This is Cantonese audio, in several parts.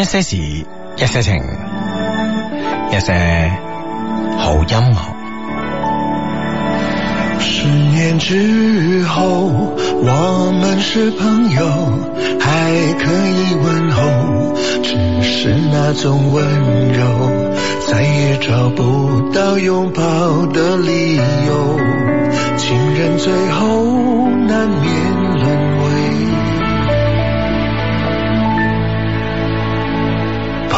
一些事，一些情，一些好音樂。十年之後，我們是朋友，還可以問候，只是那種溫柔，再也找不到擁抱的理由，情人最後難免。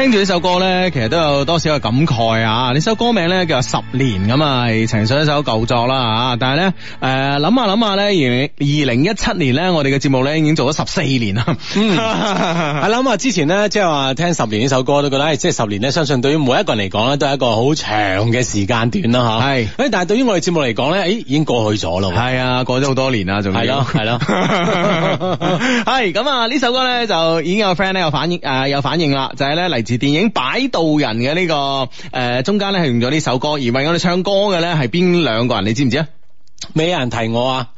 聽住呢首歌咧，其實都有多少嘅感慨啊！呢首歌名咧叫《十年》咁啊，係陳奕一首舊作啦啊！但係咧，誒諗下諗下咧，二零一七年咧，我哋嘅節目咧已經做咗十四年啦。係諗下之前咧，即係話聽《十年》呢首歌都覺得，即係十年咧，相信對於每一個人嚟講咧，都係一個好長嘅時間段啦吓。係，但係對於我哋節目嚟講咧，誒、哎、已經過去咗咯。係啊，過咗好多年啦，仲要係咯係咯。係咁啊，呢 首歌咧就已經有 friend 咧有反應誒有反應啦，就係咧嚟自電影擺、這個《擺渡人》嘅呢個誒中間咧係用咗呢首歌，而為我哋唱歌嘅咧係邊兩個人，你知唔知啊？咩人提我啊？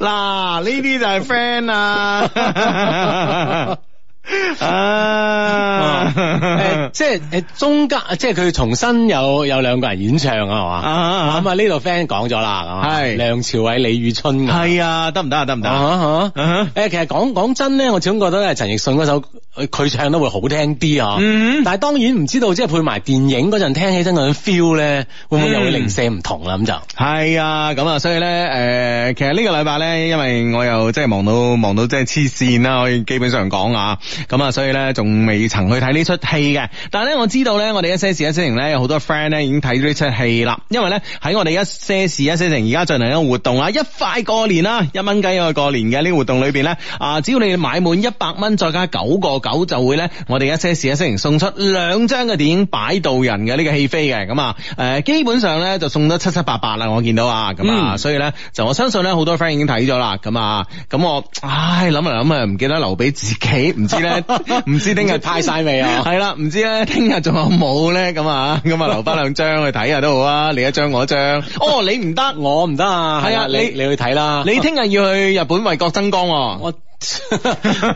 嗱，呢啲就係 friend 啊！ Uh, 啊！誒、 啊啊啊，即係誒、啊，中間即係佢重新有有兩個人演唱 uh, uh, uh, 啊，係嘛？咁、uh, 啊，呢度 friend 講咗啦，係梁朝偉、李宇春嘅。係啊，得唔得啊？得唔得？嚇、啊啊、其實講講真咧，我始終覺得咧，陳奕迅嗰首佢唱都會好聽啲、mm. mm. 啊。但係當然唔知道即係配埋電影嗰陣聽起身嗰種 feel 咧，會唔會又會零舍唔同啦？咁就係啊，咁啊，所以咧誒、呃，其實呢個禮拜咧，因為我又即係忙到忙到即係黐線啦，我基本上講啊。咁、嗯、啊，所以咧仲未曾去睇呢出戲嘅。但係咧，我知道咧，我哋一些事一些情咧，有好多 friend 咧已經睇咗呢出戲啦。因為咧喺我哋一些事一些情而家進行一個活動啊，一快過年啦，一蚊雞去過年嘅呢個活動，個活動裏邊咧，啊，只要你買滿一百蚊，再加九個九，就會咧，我哋一些事一些情送出兩張嘅電影擺渡人嘅呢個戲飛嘅。咁啊，誒，基本上咧就送得七七八八啦。我見到啊，咁啊，所以咧就我相信咧，好多 friend 已經睇咗啦。咁啊，咁我唉諗嚟諗去唔記得留俾自己，唔知。唔 知聽日派晒未啊？係啦，唔知咧，聽日仲有冇咧？咁啊，咁啊，留翻兩張去睇下都好啊，你一張，我一張。哦，你唔得，我唔得啊！係啊，你你去睇啦。你聽日要去日本為國爭光喎、啊。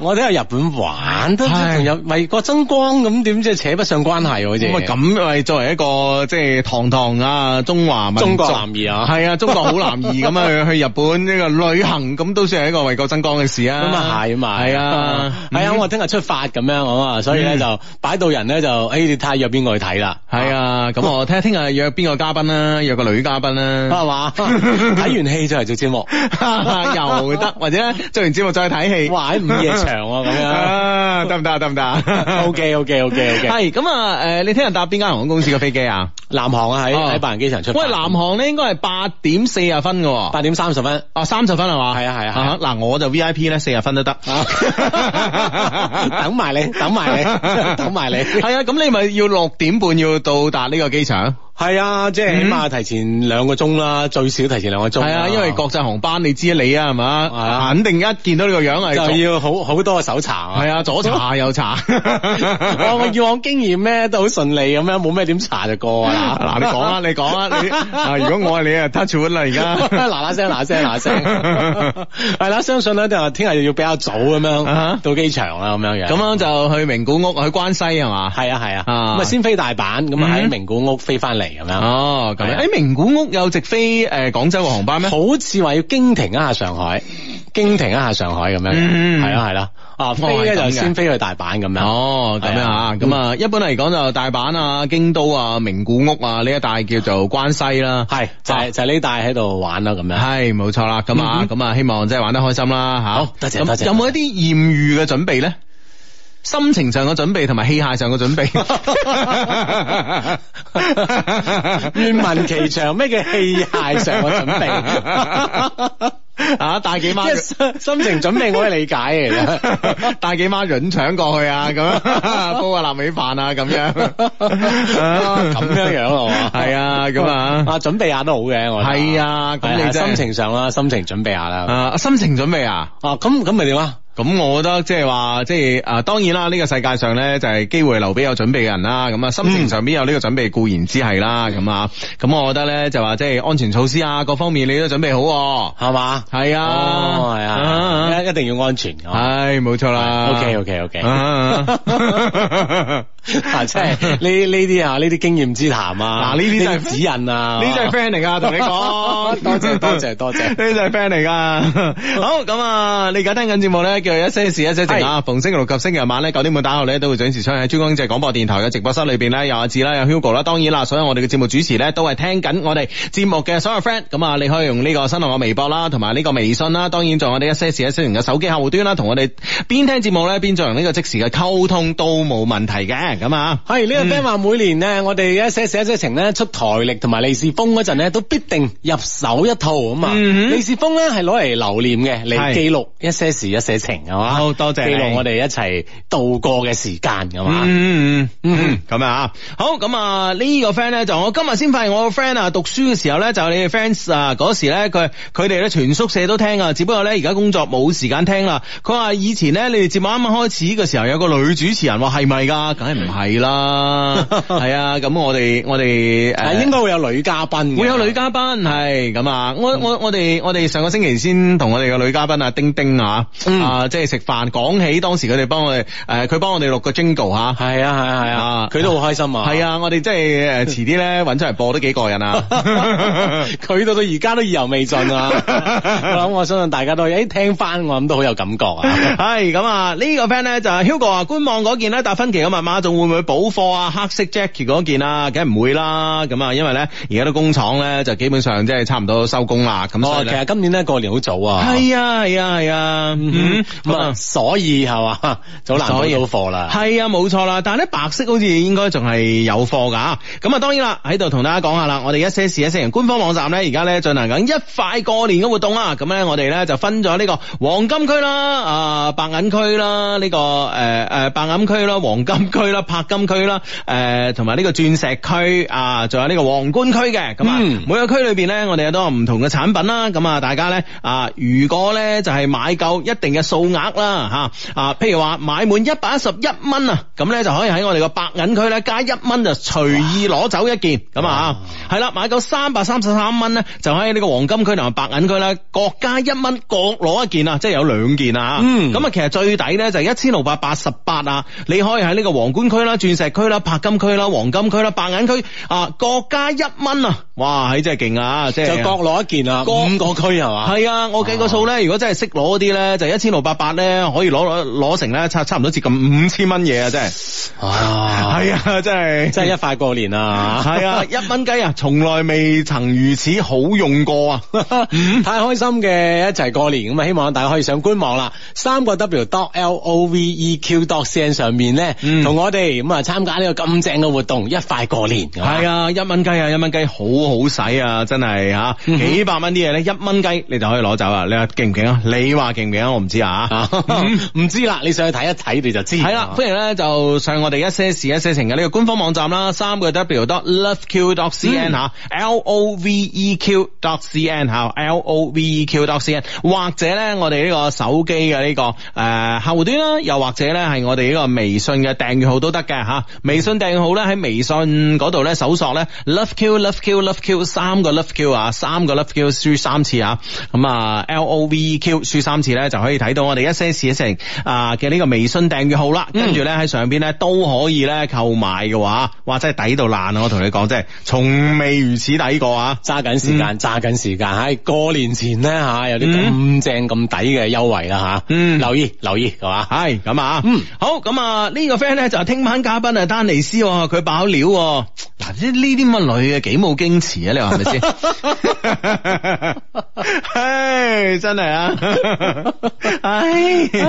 我哋喺日本玩，都仲有為國爭光咁，點即係扯不上關係好似咁。喂，因為作為一個即係、就是、堂堂啊中華民中國男兒啊，係啊，中國好男兒咁去 去日本呢、這個旅行，咁都算係一個為國爭光嘅事啊。咁啊係啊，係、嗯、啊，係啊。我聽日出發咁樣，好嘛？所以咧就擺渡、嗯、人咧就，哎，你睇下約邊個去睇啦？係 啊，咁我聽聽日約邊個嘉賓啦、啊？約個女嘉賓啦、啊？係嘛？睇完戲再嚟做節目， 又得，或者做完節目再睇。玩午夜場咁、啊、樣，得唔得？得唔得？OK OK OK OK，係咁啊，誒、呃，你聽日搭邊間航空公司嘅飛機啊？南航啊，喺、哦、喺白雲機場出。喂，南航咧應該係八點四十分喎。八點三十分，哦，三十分係嘛？係啊係啊，嗱、啊啊啊啊，我就 VIP 咧，四十分都得。等埋你，等埋你，等埋你。係 啊，咁你咪要六點半要到達呢個機場？係啊，即係起碼提前兩個鐘啦、嗯，最少提前兩個鐘、啊。係啊，因為國際航班你知你啊，你啊係嘛，肯定一見到呢個樣、就是、啊，就要好好多個搜查。係啊，左查右查。我 我 以往經驗咧都好順利咁樣，冇咩點查就過啦。嗱，你講啊，你講啊，啊， 啊，如果我係你 touch 啊，touch wood 啦，而家嗱嗱聲嗱嗱聲嗱嗱聲。係啦、 啊，相信咧都係聽日要比較早咁樣到機場啦，咁樣樣。咁 樣，樣就去名古屋，去關西係嘛？係啊係啊。咁啊，啊先飛大阪，咁啊喺名古屋飛翻嚟。咁樣哦，咁樣喺、啊欸、名古屋有直飛誒廣、呃、州嘅航班咩？好似話要經停一下上海，經停一下上海咁樣，係啦係啦，啊飛咧就先飛去大阪咁樣。哦，咁樣啊？咁、嗯、啊一般嚟講就大阪啊、京都啊、名古屋啊呢一帶叫做關西、啊就係就係啊啊、啦。係就係就呢帶喺度玩啦咁樣。係冇錯啦，咁啊咁啊，希望真係玩得開心啦吓。好，多謝多謝。有冇一啲艷遇嘅準備咧？心情上嘅準備同埋器械上嘅準備， 願聞其詳。咩叫器械上嘅準備？啊，帶幾萬？心情準備，我可以理解嚟嘅。帶幾萬潤腸過去啊，咁樣煲個臘味飯啊，咁樣咁樣樣咯，係啊，咁啊，啊，準備下都好嘅，我係啊，咁你心情上啦，心情準備，媽媽、 啊啊 啊、準備下啦、啊，啊，心情準備啊，啊，咁咁咪點啊？咁我覺得即係話，即係啊，當然啦，呢、這個世界上咧就係機會留俾有準備嘅人啦。咁啊，心情上邊有呢個準備固然之係啦。咁、嗯、啊，咁、嗯、我覺得咧就話，即、就、係、是、安全措施啊，各方面你都準備好，係嘛？係啊，係、哦、啊，一、啊啊啊啊、一定要安全。係、啊，冇錯啦。OK，OK，OK。啊，即係呢呢啲啊，呢啲經驗之談啊，嗱、就是，呢啲係指引啊，呢、啊、就係 friend 嚟噶，同、啊啊、你講， 多謝多謝多謝，呢 就係 friend 嚟噶。好，咁啊，你而家聽緊節目咧，叫一些事一些情啊！逢星期六及星期日晚咧九點半打後咧都會準時出喺珠江經濟廣播電台嘅直播室裏邊咧，有阿志啦，有 Hugo 啦。當然啦，所有我哋嘅節目主持咧都係聽緊我哋節目嘅所有 friend。咁啊，你可以用呢個新浪嘅微博啦，同埋呢個微信啦。當然，仲有我哋一些事一些情嘅手機客戶端啦，同我哋邊聽節目咧邊進行呢個即時嘅溝通都冇問題嘅。咁啊，係呢個 friend 話每年咧，我哋一些事一些情咧出台曆同埋利是封嗰陣咧都必定入手一套，咁啊。利是封咧係攞嚟留念嘅，嚟記錄一些事一些情。係嘛，好多謝你同我哋一齊度過嘅時間，㗎嘛，嗯嗯嗯咁啊，好咁啊、這個、呢個 friend 咧就我今日先發現我個 friend 啊讀書嘅時候咧就你哋 fans 啊嗰時咧佢佢哋咧全宿舍都聽啊，只不過咧而家工作冇時間聽啦。佢話以前咧你哋節目啱啱開始嘅時候有一個女主持人話係咪噶？梗係唔係啦，係 啊，咁我哋我哋誒、啊、應該會有女嘉賓，會有女嘉賓。係咁啊，我、嗯、我我哋我哋上個星期先同我哋嘅女嘉賓啊，丁丁啊，啊嗯即係食飯講起，當時佢哋幫我哋，誒、呃，佢幫我哋錄個 Jingle 吓，係啊係啊係啊，佢都好開心啊，係啊，啊，我哋即係誒，遲啲咧搵出嚟播都幾過癮啊，佢 到到而家都意猶未盡啊，咁 我相信大家都誒聽翻我諗都好有感覺啊，係 咁啊，這個、呢個 friend 咧就是、Hugo 啊，官網嗰件咧達芬奇嘅密碼仲會唔會補貨啊？黑色 jacket 嗰件啊，梗唔會啦，咁啊，因為咧而家啲工廠咧就基本上即係差唔多收工啦，咁哦，其實今年咧過年好早啊，係啊係啊係啊。咁啊，所以係嘛，就難到有貨啦。係啊，冇錯啦。但係咧，白色好似應該仲係有貨噶。咁啊，當然啦，喺度同大家講下啦。我哋一些情一些情官方網站咧，而家咧進行緊一塊過年嘅活動啦。咁咧，我哋咧就分咗呢個黃金區啦，啊，白銀區啦，呢、這個誒誒白銀區啦，黃金區啦，鉑金區啦，誒同埋呢個鑽石區啊，仲有呢個皇冠區嘅。咁、嗯、啊，每個區裏邊咧，我哋都有唔同嘅產品啦。咁啊，大家咧啊，如果咧就係買夠一定嘅數。數額啦吓啊，譬如話買滿一百一十一蚊啊，咁咧就可以喺我哋個白銀區咧加一蚊就隨意攞走一件咁啊，係啦，買夠三百三十三蚊咧就喺呢個黃金區同埋白銀區咧各加一蚊各攞一件啊，即係有兩件啊，咁、嗯、啊，其實最抵咧就一千六百八十八啊，你可以喺呢個皇冠區啦、鑽石區啦、白金區啦、黃金區啦、白銀區啊各加一蚊啊。哇！嘿，真係勁啊！即係就各攞一件啊，五個區係嘛？係啊，我計個數咧，如果真係識攞啲咧，就一千六百八咧，可以攞攞攞成咧，差差唔多接近五千蚊嘢啊！真係，哎呀，係啊，真係真係一塊過年啊！係啊， 一蚊雞啊，從來未曾如此好用過啊！ 太開心嘅一齊過年咁啊！希望大家可以上官網啦，三個 W dot L O V E Q dot C N 上面咧、嗯，同我哋咁啊參加呢個咁正嘅活動，一塊過年。係、嗯、啊,啊，一蚊雞啊，一蚊雞好。好使啊！真係吓、啊，幾百蚊啲嘢咧，一蚊雞你就可以攞走啦。你話勁唔勁啊？你話勁唔勁啊？我唔知啊，唔、啊、 知啦。你上去睇一睇，你就知。係啦，歡迎咧就上我哋一些事一些情嘅呢個官方網站啦，三個 w dot loveq dot cn 吓、嗯、，l o v e q dot c n 吓、啊、，l o v e q dot c n，或者咧我哋呢個手機嘅呢個誒客戶端啦，又或者咧係我哋呢個微信嘅訂閱號都得嘅吓。微信訂閱號咧喺微信嗰度咧搜索咧 loveq loveq love 三 Q 三個 love Q 啊，三個 love Q 輸三次啊，咁啊 L O V E Q 輸三次咧，就可以睇到我哋一些事一些情啊嘅呢個微信訂閱號啦，跟住咧喺上邊咧都可以咧購買嘅話，哇真係抵到爛啊！我同你講，真係從未如此抵過啊！揸、嗯、緊時間，揸緊時間，係、嗯哎、過年前咧吓、啊，有啲咁正咁抵嘅優惠啦吓、啊嗯，留意留意係嘛，係咁、嗯、啊，嗯，好，咁啊呢個 friend 咧就係聽晚嘉賓啊丹尼斯，佢爆料。啊呢啲乜女嘅幾冇矜持，你話係咪先 hey, 真的啊！你話係咪先？唉， 真係啊！唉，真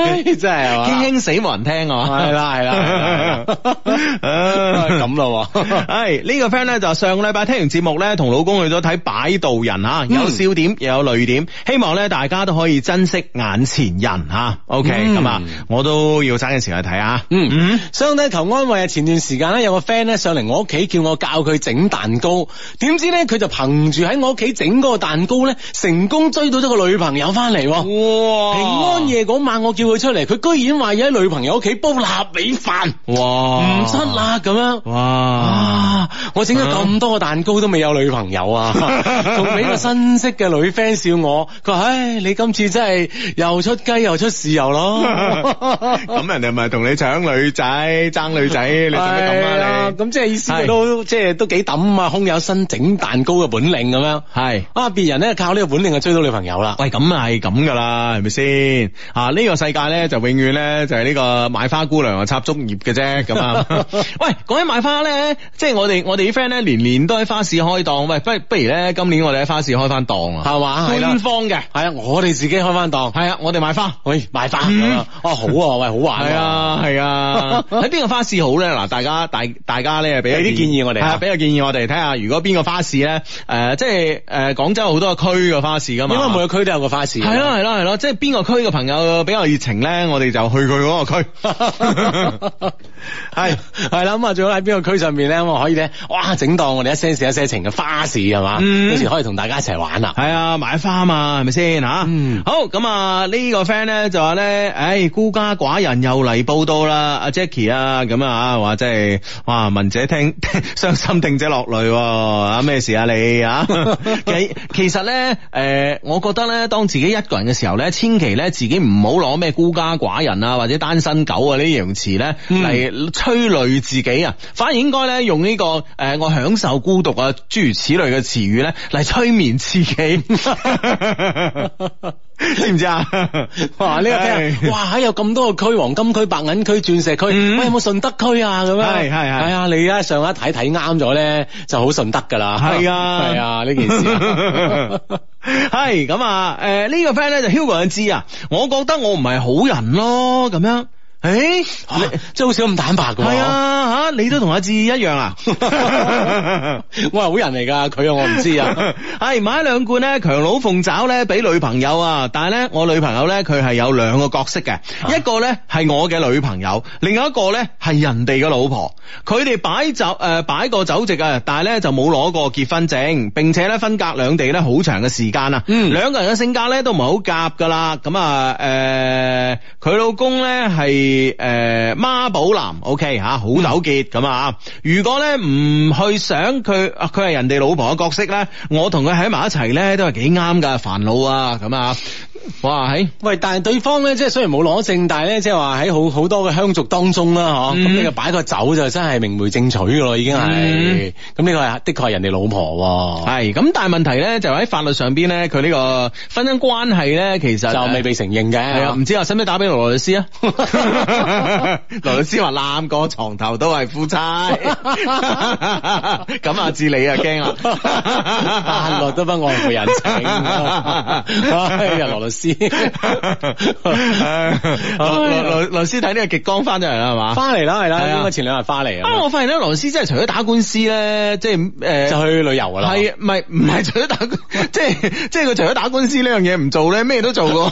係啊！驚死冇人聽啊！係 啦 樣、啊，係啦，咁咯。唉，呢個 friend 咧就上個禮拜聽完節目咧，同老公去咗睇《擺渡人》啊，有笑點又有淚點，希望咧大家都可以珍惜眼前人啊！OK，咁、嗯、啊，我都要爭啲時間睇啊！嗯嗯，相對求安慰啊！前段時間咧有個 friend 咧上嚟我屋企叫我教佢整蛋糕，點知咧佢就憑住喺我屋企整嗰個蛋糕咧，成功追到咗個女朋友翻嚟。哇！平安夜嗰晚我叫佢出嚟，佢居然話要喺女朋友屋企煲臘味飯。哇！唔出啦，咁樣哇！啊、我整咗咁多個蛋糕、啊、都未有女朋友啊，仲俾個新識嘅女 friend 笑我。佢 話：唉，你今次真係又出雞又出豉油咯。咁 人哋咪同你搶女仔、爭女仔， 你做乜咁啊？你、啊、咁即係意思都即即都幾抌啊，空有新整蛋糕嘅本領咁樣，係啊，別人咧靠呢個本領啊追到女朋友啦。喂，咁啊係咁噶啦，係咪先？啊，呢、這個世界咧就永遠咧就係、是、呢個賣花姑娘啊插竹葉嘅啫咁啊。樣 喂，講起賣花咧，即係我哋我哋啲 friend 咧年年都喺花市開檔。喂，不不如咧今年我哋喺花市開翻檔啊，係嘛？官方嘅係啊，我哋自己開翻檔係啊，我哋賣花喂賣、哎、花哦、嗯啊，好啊，喂好玩係啊係啊，喺邊、啊啊、 個花市好咧？嗱，大家大大，大家咧俾一啲建議我哋。啊，比較建議我哋睇下，如果邊個花市咧，誒、呃，即係誒、呃、廣州好多個區嘅花市噶嘛，因為每個區都有個花市。係咯、啊，係咯、啊，係咯、啊啊，即係邊個區嘅朋友比較熱情咧，我哋就去佢嗰個區。係，係啦，咁啊，最好喺邊個區上面咧，我可以咧，哇，整檔我哋一些情一些情嘅花市係嘛，到、嗯、時可以同大家一齊玩啦、啊。係啊，買花啊嘛，係咪先嚇？好，咁啊，呢個 friend 咧就話咧，唉，孤家寡人又嚟報到啦，阿、啊、Jacky 啊，咁啊，話即係哇，文姐聽，聽心定者落淚，啊咩事啊你啊？其 其實咧，誒、呃，我覺得咧，當自己一個人嘅時候咧，千祈咧自己唔好攞咩孤家寡人啊或者單身狗啊呢樣詞咧嚟催淚自己啊、嗯，反而應該咧用呢、這個誒、呃、我享受孤獨啊諸如此類嘅詞語咧嚟催眠自己。 知唔知啊？哇！呢個聽，哇！有咁多個區，黃金區、白銀區、鑽石區、嗯，喂，有冇順德區啊？咁樣係係係啊！你啊，上下睇睇啱咗咧，就好順德噶啦。係啊係啊，呢件事係咁啊！誒，呢個 friend 咧就 Hugo 就知啊，我覺得我唔係好人咯，咁樣。誒、欸啊，真係好少咁坦白噶、啊，係啊吓、啊，你都同阿志一樣啊？ 我係好人嚟噶，佢我唔知啊。係 買兩罐呢強佬鳳爪咧俾女朋友啊，但係咧我女朋友咧佢係有兩個角色嘅、啊，一個咧係我嘅女朋友，另一個咧係人哋嘅老婆。佢哋擺酒誒，擺、呃、個酒席啊，但係咧就冇攞過結婚證，並且咧分隔兩地咧好長嘅時間啊。嗯，兩個人嘅性格咧都唔係好夾噶啦。咁啊誒，佢、呃、老公咧係。係、呃、誒，孖寶男，OK 吓、啊，好糾結咁、嗯、啊！如果咧唔去想佢，佢係人哋老婆嘅角色咧，我同佢喺埋一齊咧，都係幾啱噶，煩惱啊咁啊！哇，喺喂，但係對方咧，即係雖然冇攞證，但係咧，即係話喺好好多嘅鄉族當中啦、啊，嗬、嗯，咁呢個擺個酒就真係明媒正娶噶咯，已經係咁呢個係的確係人哋老婆、啊，係咁，但係問題咧就喺、是、法律上邊咧，佢呢個婚姻關係咧，其實、啊、就未被承認嘅，係啊，唔、啊啊、知我使唔使打俾羅律師啊？ 羅律師話攬個床頭都係夫妻，咁阿智你啊驚，羅德斌愛慕人情，阿 羅、 哎、律師，羅羅羅律師睇呢個極光翻咗嚟啦係嘛？翻嚟啦係啦，應該前兩日翻嚟啊！不過我發現咧，羅律師真係除咗打官司咧，即係誒就去旅遊噶啦，係唔係唔係除咗打，即係即係佢除咗打官司呢樣嘢唔做咧，咩都做過，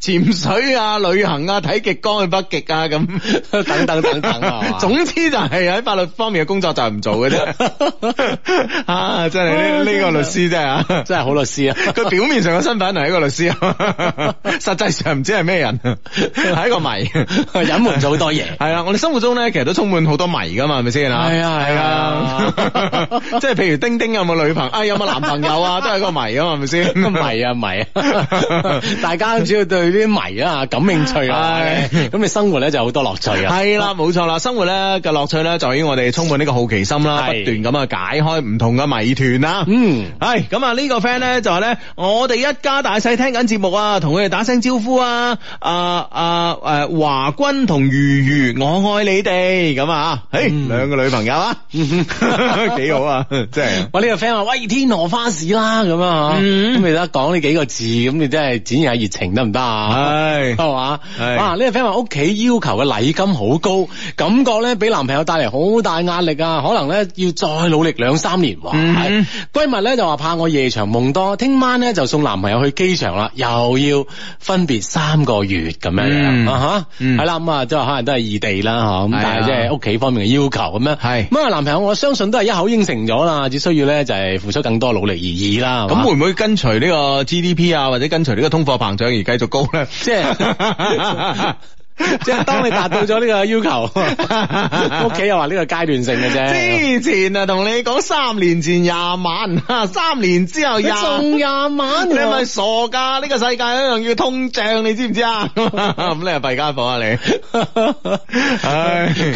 潛 水啊、旅行啊、睇極光。去北極啊！咁等等等等，等等 總之就係喺法律方面嘅工作就係唔做嘅啫。 啊，真係呢個律師 真係真係好律師啊！佢表面上嘅身份係一個律師， 實際上唔知係咩人，係 一個謎， 隱瞞咗好多嘢。係 啊，我哋生活中咧，其實都充滿好多謎噶嘛，係咪先啊？係啊，係啊，即係譬如丁丁有冇女朋友 啊，有冇男朋友啊，都係一個謎 啊，係咪先？謎啊，謎啊！大家只要對啲謎啊感興趣啊。 哎咁你生活咧就有好多樂趣啊！係啦，冇錯啦，生活咧嘅樂趣咧在於我哋充滿呢個好奇心啦，不斷咁啊解開唔同嘅謎團啦。嗯，係咁啊呢個 friend 咧就話咧，我哋一家大細聽緊節目啊，同佢哋打聲招呼啊，啊啊誒華君同如如，我愛你哋咁啊！誒、欸嗯、兩個女朋友啊，幾、嗯、 好啊！即係我呢個 friend 話，喂，天羅花市啦咁啊嚇！咁、嗯、你而家講呢幾個字，咁你真係展現下熱情得唔得啊？係，係 嘛、啊？係，呢、啊這個 friend 話。屋企要求嘅禮金好高，感覺咧俾男朋友帶嚟好大壓力啊！可能咧要再努力兩三年。閨蜜咧就話怕我夜長夢多，聽晚咧就送男朋友去機場啦，又要分別三個月咁樣樣、mm -hmm. 啊吓，係、mm -hmm. 啦咁、嗯、啊，即係可能都係異地啦吓，咁但係即係屋企方面嘅要求咁樣係咁啊，男朋友我相信都係一口應承咗啦，只需要咧就係、是、付出更多努力而已啦。咁會唔會跟隨呢個 GDP 啊，或者跟隨呢個通貨膨脹而繼續高咧？即、就、係、是。 即係當你達到咗呢個要求，屋 企又話呢個階段性嘅啫。之前啊，同你講三年前廿萬，三年之後廿送廿萬，你係咪、啊、傻噶？呢、這個世界一樣要通脹，你知唔知 啊？咁你係弊家伙啊你。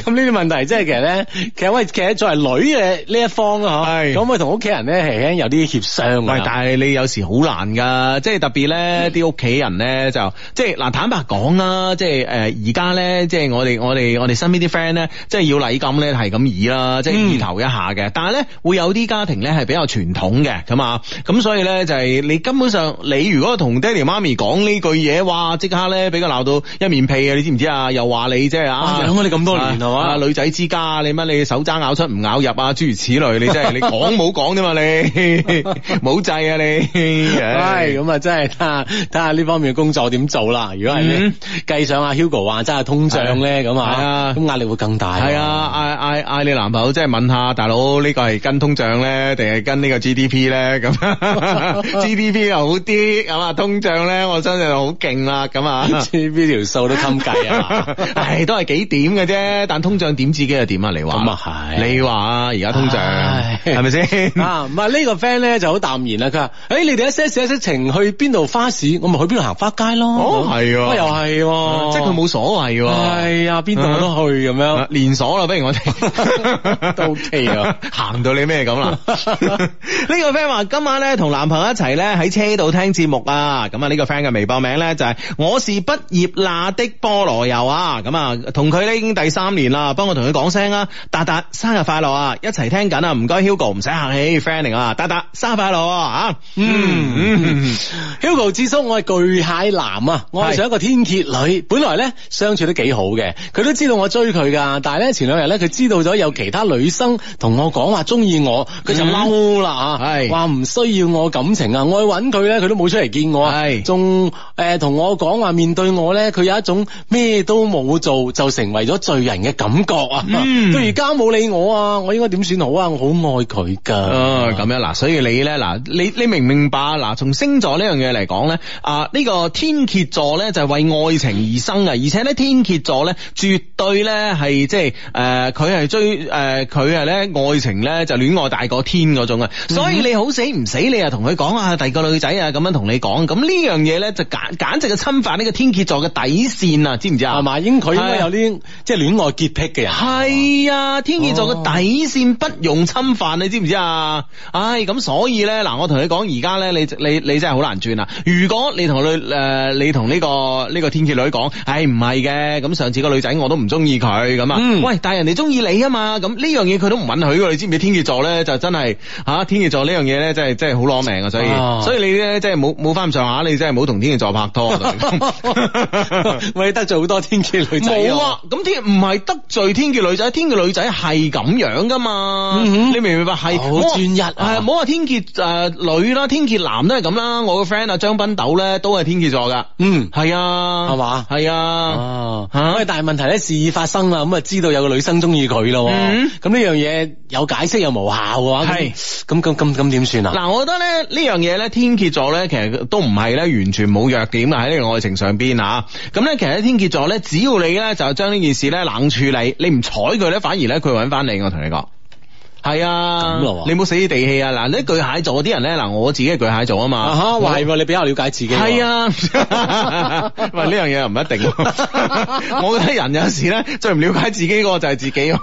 咁呢啲問題即係其實咧，其實喂，其實作為女嘅呢一方咯嗬，咁可以同屋企人咧係有啲協商啊、哎。但係你有時好難噶，即係特別咧啲屋企人咧就即係嗱坦白講啦，即係誒。呃而家咧，即係我哋我哋我哋身邊啲 friend 咧，即係要禮金咧，係咁易啦，即係意頭一下嘅。但係咧，會有啲家庭咧係比較傳統嘅，咁啊，咁所以咧就係你根本上，你如果同爹哋媽咪講呢句嘢，哇，即刻咧俾佢鬧到一面屁啊！你知唔知啊？又話你即係啊，養咗你咁多年係嘛、啊，女仔之家，你乜你手揸咬出唔咬入啊？諸如此類，你真係你講冇講啫嘛，你冇制啊你，咁啊，真係睇下睇下呢方面嘅工作點做啦。如果係你計、嗯、上阿話真係通脹咧，咁啊，咁壓力會更大、啊。係啊，嗌嗌嗌你男朋友真的問一下，即係問下大佬呢、這個係跟通脹咧，定係跟呢個 GDP 咧？咁 GDP 又好啲，咁啊通脹咧，我真係好勁啦。咁啊，GDP 條數都襟計啊，都係幾點嘅啫？但通脹點自己又點啊？你話咁、嗯、啊係？你話而家通脹係咪先啊？唔係呢個 friend 咧就好淡然啦。佢話：誒、欸，你哋一些事一些情，去邊度花市，我咪去邊度行花街咯。哦，係、啊、又係、啊啊、即係佢冇。所謂，係啊，邊度都去咁樣，連鎖啦，不如我哋都 OK 啊，行到你咩咁啦？呢個 friend 話今晚咧同男朋友一齊咧喺車度聽節目啊，咁啊呢個 friend 嘅微博名咧就係我是畢業那的菠蘿油啊，咁啊同佢咧已經第三年啦，幫我同佢講聲啊，達達生日快樂啊，一齊聽緊啊，唔該 Hugo，唔使客氣，friending 啊，達達生日快樂啊，嗯，Hugo 自述我係巨蟹男啊，我係想一個天蠍女，本來咧。相處都幾好嘅，佢都知道我追佢噶，但係咧前兩日咧佢知道咗有其他女生同我講話中意我，佢就嬲啦啊，話、嗯、唔需要我感情啊，我去揾佢咧佢都冇出嚟見我，係仲誒同我講話面對我咧，佢有一種咩都冇做就成為咗罪人嘅感覺啊、嗯，到而家冇理我啊，我應該點算好啊？我好愛佢噶，咁、呃、樣嗱，所以你咧嗱，你你，你明唔明白嗱，從星座呢樣嘢嚟講咧，啊呢、這個天蠍座咧就係為愛情而生啊！而且咧，天蠍座咧，絕對咧係即係誒，佢、呃、係追誒，佢係咧愛情咧就戀愛大過天嗰種啊，所以你好死唔死，你又同佢講啊，第二個女仔啊咁樣同你講，咁呢樣嘢咧就簡簡直就侵犯呢個天蠍座嘅底線知知啊，知唔知啊？係嘛，咁佢應該有啲即係戀愛潔癖嘅人。係啊，天蠍座嘅底線不容侵犯，你知唔知啊？唉、哎，咁所以咧，嗱，我同你講，而家咧，你你你真係好難轉啊！如果你同你誒、呃，你同呢、這個呢、這個天蠍女講，唉、哎唔係嘅，咁上次個女仔我都唔中意佢咁啊。喂，但人哋中意你啊嘛，咁呢樣嘢佢都唔允許嘅。你知唔知天蠍座咧就真係吓、啊，天蠍座呢樣嘢咧真係真係好攞命啊。所以、啊、所以你咧真係冇冇翻上下，你真係冇同天蠍座拍拖，喂 得罪好多天蠍女仔。啊，咁天唔係得罪天蠍女仔，天蠍女仔係咁樣噶嘛、嗯。你明唔明白？係好專一、啊，係唔好話天蠍誒、呃、女啦，天蠍男都係咁啦。我個 friend、嗯、啊，張斌斗咧都係天蠍座噶，嗯係啊，係嘛係啊。哦，咁大問題咧，事發生啦，咁啊知道有個女生中意佢咯，咁、嗯、呢樣嘢有解釋又無效，係咁咁咁咁點算啊？嗱，我覺得咧呢樣嘢咧天蠍座咧其實都唔係咧完全冇弱點喺呢個愛情上邊啊，咁咧其實天蠍座咧只要你咧就將呢件事咧冷處理，你唔睬佢咧，反而咧佢會搵翻你，我同你講。係啊，你冇死地氣啊！嗱，啲巨蟹座啲人咧，嗱，我自己係巨蟹座啊嘛，吓、啊，係、啊、你比較了解自己，係啊，喂，呢樣嘢又唔一定。 我覺得人有時咧最唔了解自己個就係自己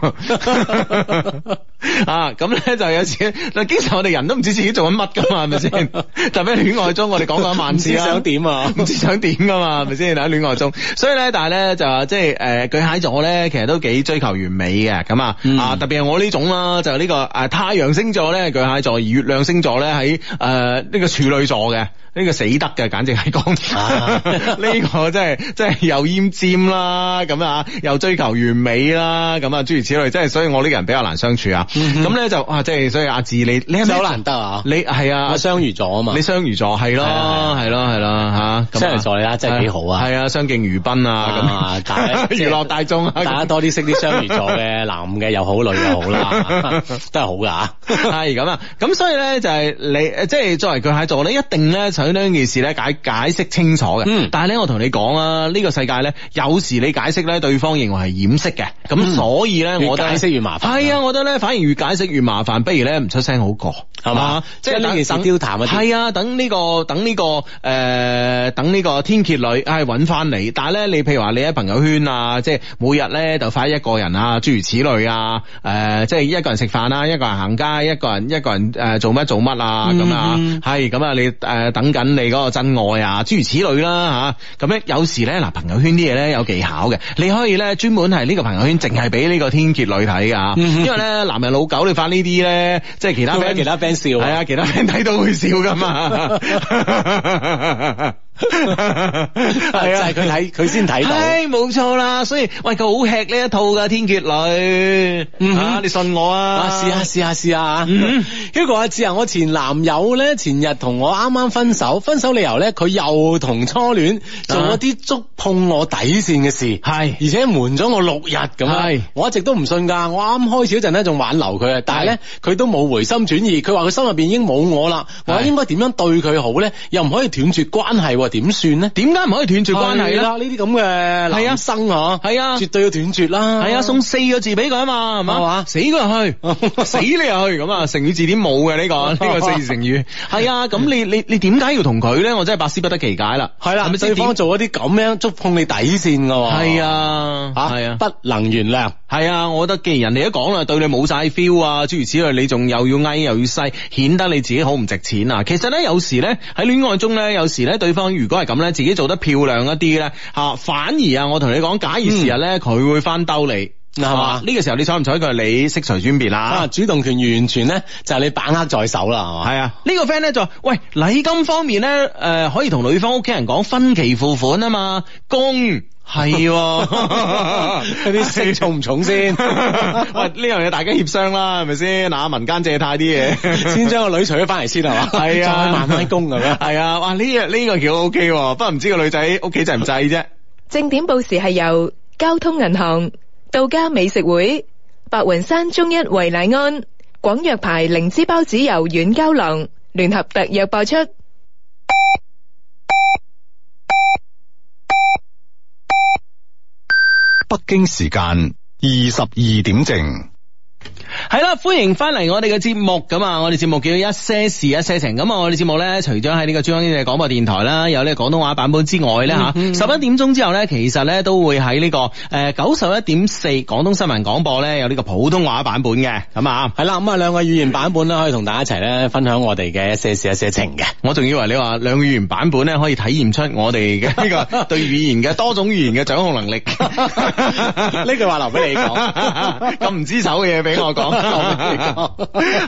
啊！咁咧就有時，嗱，經常我哋人都唔知自己做緊乜噶嘛，係咪先？特別喺戀愛中我講講，我哋講過萬次想點啊，唔 知想點噶嘛，係咪先？喺戀愛中，所以咧，但係咧就話即係誒、呃、巨蟹座咧，其實都幾追求完美嘅咁、嗯、啊，特別係我呢種啦，就呢。呢個誒太陽星座咧巨蟹座，而月亮星座咧喺誒呢個處女座嘅。呢個死得嘅，簡直係講呢個真係真係又奄尖啦，咁啊又追求完美啦，咁啊諸如此類，即係所以我呢個人比較難相處、嗯、所以啊。咁咧就啊，即係所以阿志你你係咪？好難得啊！你係啊，雙魚座啊嘛。你雙魚座係咯係咯係咯咁雙魚座啊，真係幾好啊！係啊，相、啊、敬如賓啊咁啊，娛、啊、 樂大眾、啊，大家多啲識啲雙魚座嘅男嘅又好，女的好，女 又好啦，都係好噶嚇。係咁啊，咁 所以咧就係你即係、就是、作為巨蟹座你一定咧等呢件事咧解解釋清楚嘅、嗯，但係咧我同你講啊，呢、這個世界咧有時你解釋咧，對方認為係掩飾嘅，咁、嗯、所以咧我解釋越麻煩係啊，我覺得咧反而越解釋越麻煩，不如咧唔出聲好過，係嘛、啊？即係呢件事係啊，等呢、這個等呢、這個誒、呃、等呢個天蠍女唉搵翻你，但係咧你譬如話你喺朋友圈啊，即係每日咧就快一個人啊，諸如此類啊，誒即係一個人食飯啊，一個人行街，一個人一個人誒做乜做乜啊咁啊，係咁啊你誒、呃、等。緊你嗰個真愛啊，諸如此類啦吓，咁咧有時咧嗱，朋友圈啲嘢咧有技巧嘅，你可以咧專門係呢個朋友圈淨係俾呢個天蠍女睇噶， 因為咧男人老狗你發呢啲咧，即係其他俾其他 friend 笑，係啊，其他 friend 睇到會笑噶嘛。 啊、就係佢睇，佢先睇到，唉、哎，冇錯啦。所以喂，佢好吃呢一套噶《天蠍女》嗯。吓、啊，你信我啊？試下試下試下啊！阿智啊，我前男友咧，前日同我啱啱分手，分手理由咧，佢又同初戀、啊、做啲觸碰我底線嘅事，係、啊，而且瞞咗我六日咁啊！我一直都唔信噶，我啱開始嗰陣呢，仲挽留佢啊，但係咧，佢都冇回心轉意，佢話佢心入邊已經冇我啦。我應該點樣對佢好咧？又唔可以斷絕關係。點算呢？點解唔可以斷絕關係咧？呢啲咁嘅男生嚇係啊，絕對要斷絕啦！係啊，送四個字俾佢啊嘛，係嘛？死佢去， 死你又去咁啊？成語字典冇嘅呢個呢個四字成語係啊！咁 你你你點解要同佢咧？我真係百思不得其解啦！係啦，咁對方點樣做一啲咁樣觸碰你底線嘅係啊，係啊，不能原諒係啊！我覺得既然人哋都講啦，對你冇晒 feel 啊，諸如此類，你仲又要翳又要篩，顯得你自己好唔值錢啊！其實咧，有時咧喺戀愛中咧，有時咧對方呢。如果係咁咧，自己做得漂亮一啲咧，吓反而啊，我同你講，假以時日咧，佢、嗯、會翻兜你，係嘛？呢、啊這個時候你採唔採？佢你識隨轉別啦，主動權完全咧就係你把握在手啦，係、哦、嘛？係啊，這個、呢個 friend 咧就話喂，禮金方面咧，誒、呃，可以同女方屋企人講分期付款啊嘛，供。係、啊，嗰啲息重唔重 這裡有是是 先，先？喂，呢樣嘢大家協商啦，係咪先？嗱，民間借貸啲嘢，先將個女娶咗翻嚟先係嘛？係啊，慢慢供咁樣。係啊， 啊，哇，呢樣呢個幾 O K，不過唔知道個女仔屋企制唔制啫。正點報時係由交通銀行、道家美食會、白雲山中一維乃安、廣藥牌靈芝包子由、油軟膠囊聯合特約播出。北京時間二十二點正。係啦，歡迎翻嚟我哋嘅節目咁啊！我哋節目叫一些事一些情咁啊！我哋節目咧，除咗喺呢個中央呢個廣播電台啦，有呢個廣東話版本之外咧吓，十一點鐘之後咧，其實咧都會喺呢個誒九十一點四廣東新聞廣播咧有呢個普通話版本嘅咁啊！係啦，咁啊兩個語言版本咧可以同大家一齊咧分享我哋嘅一些事一些情嘅。我仲以為你話兩個語言版本咧可以體驗出我哋嘅呢個對語言嘅多種語言嘅掌控能力。呢 句話留俾你講，咁 唔知醜嘅嘢俾我。講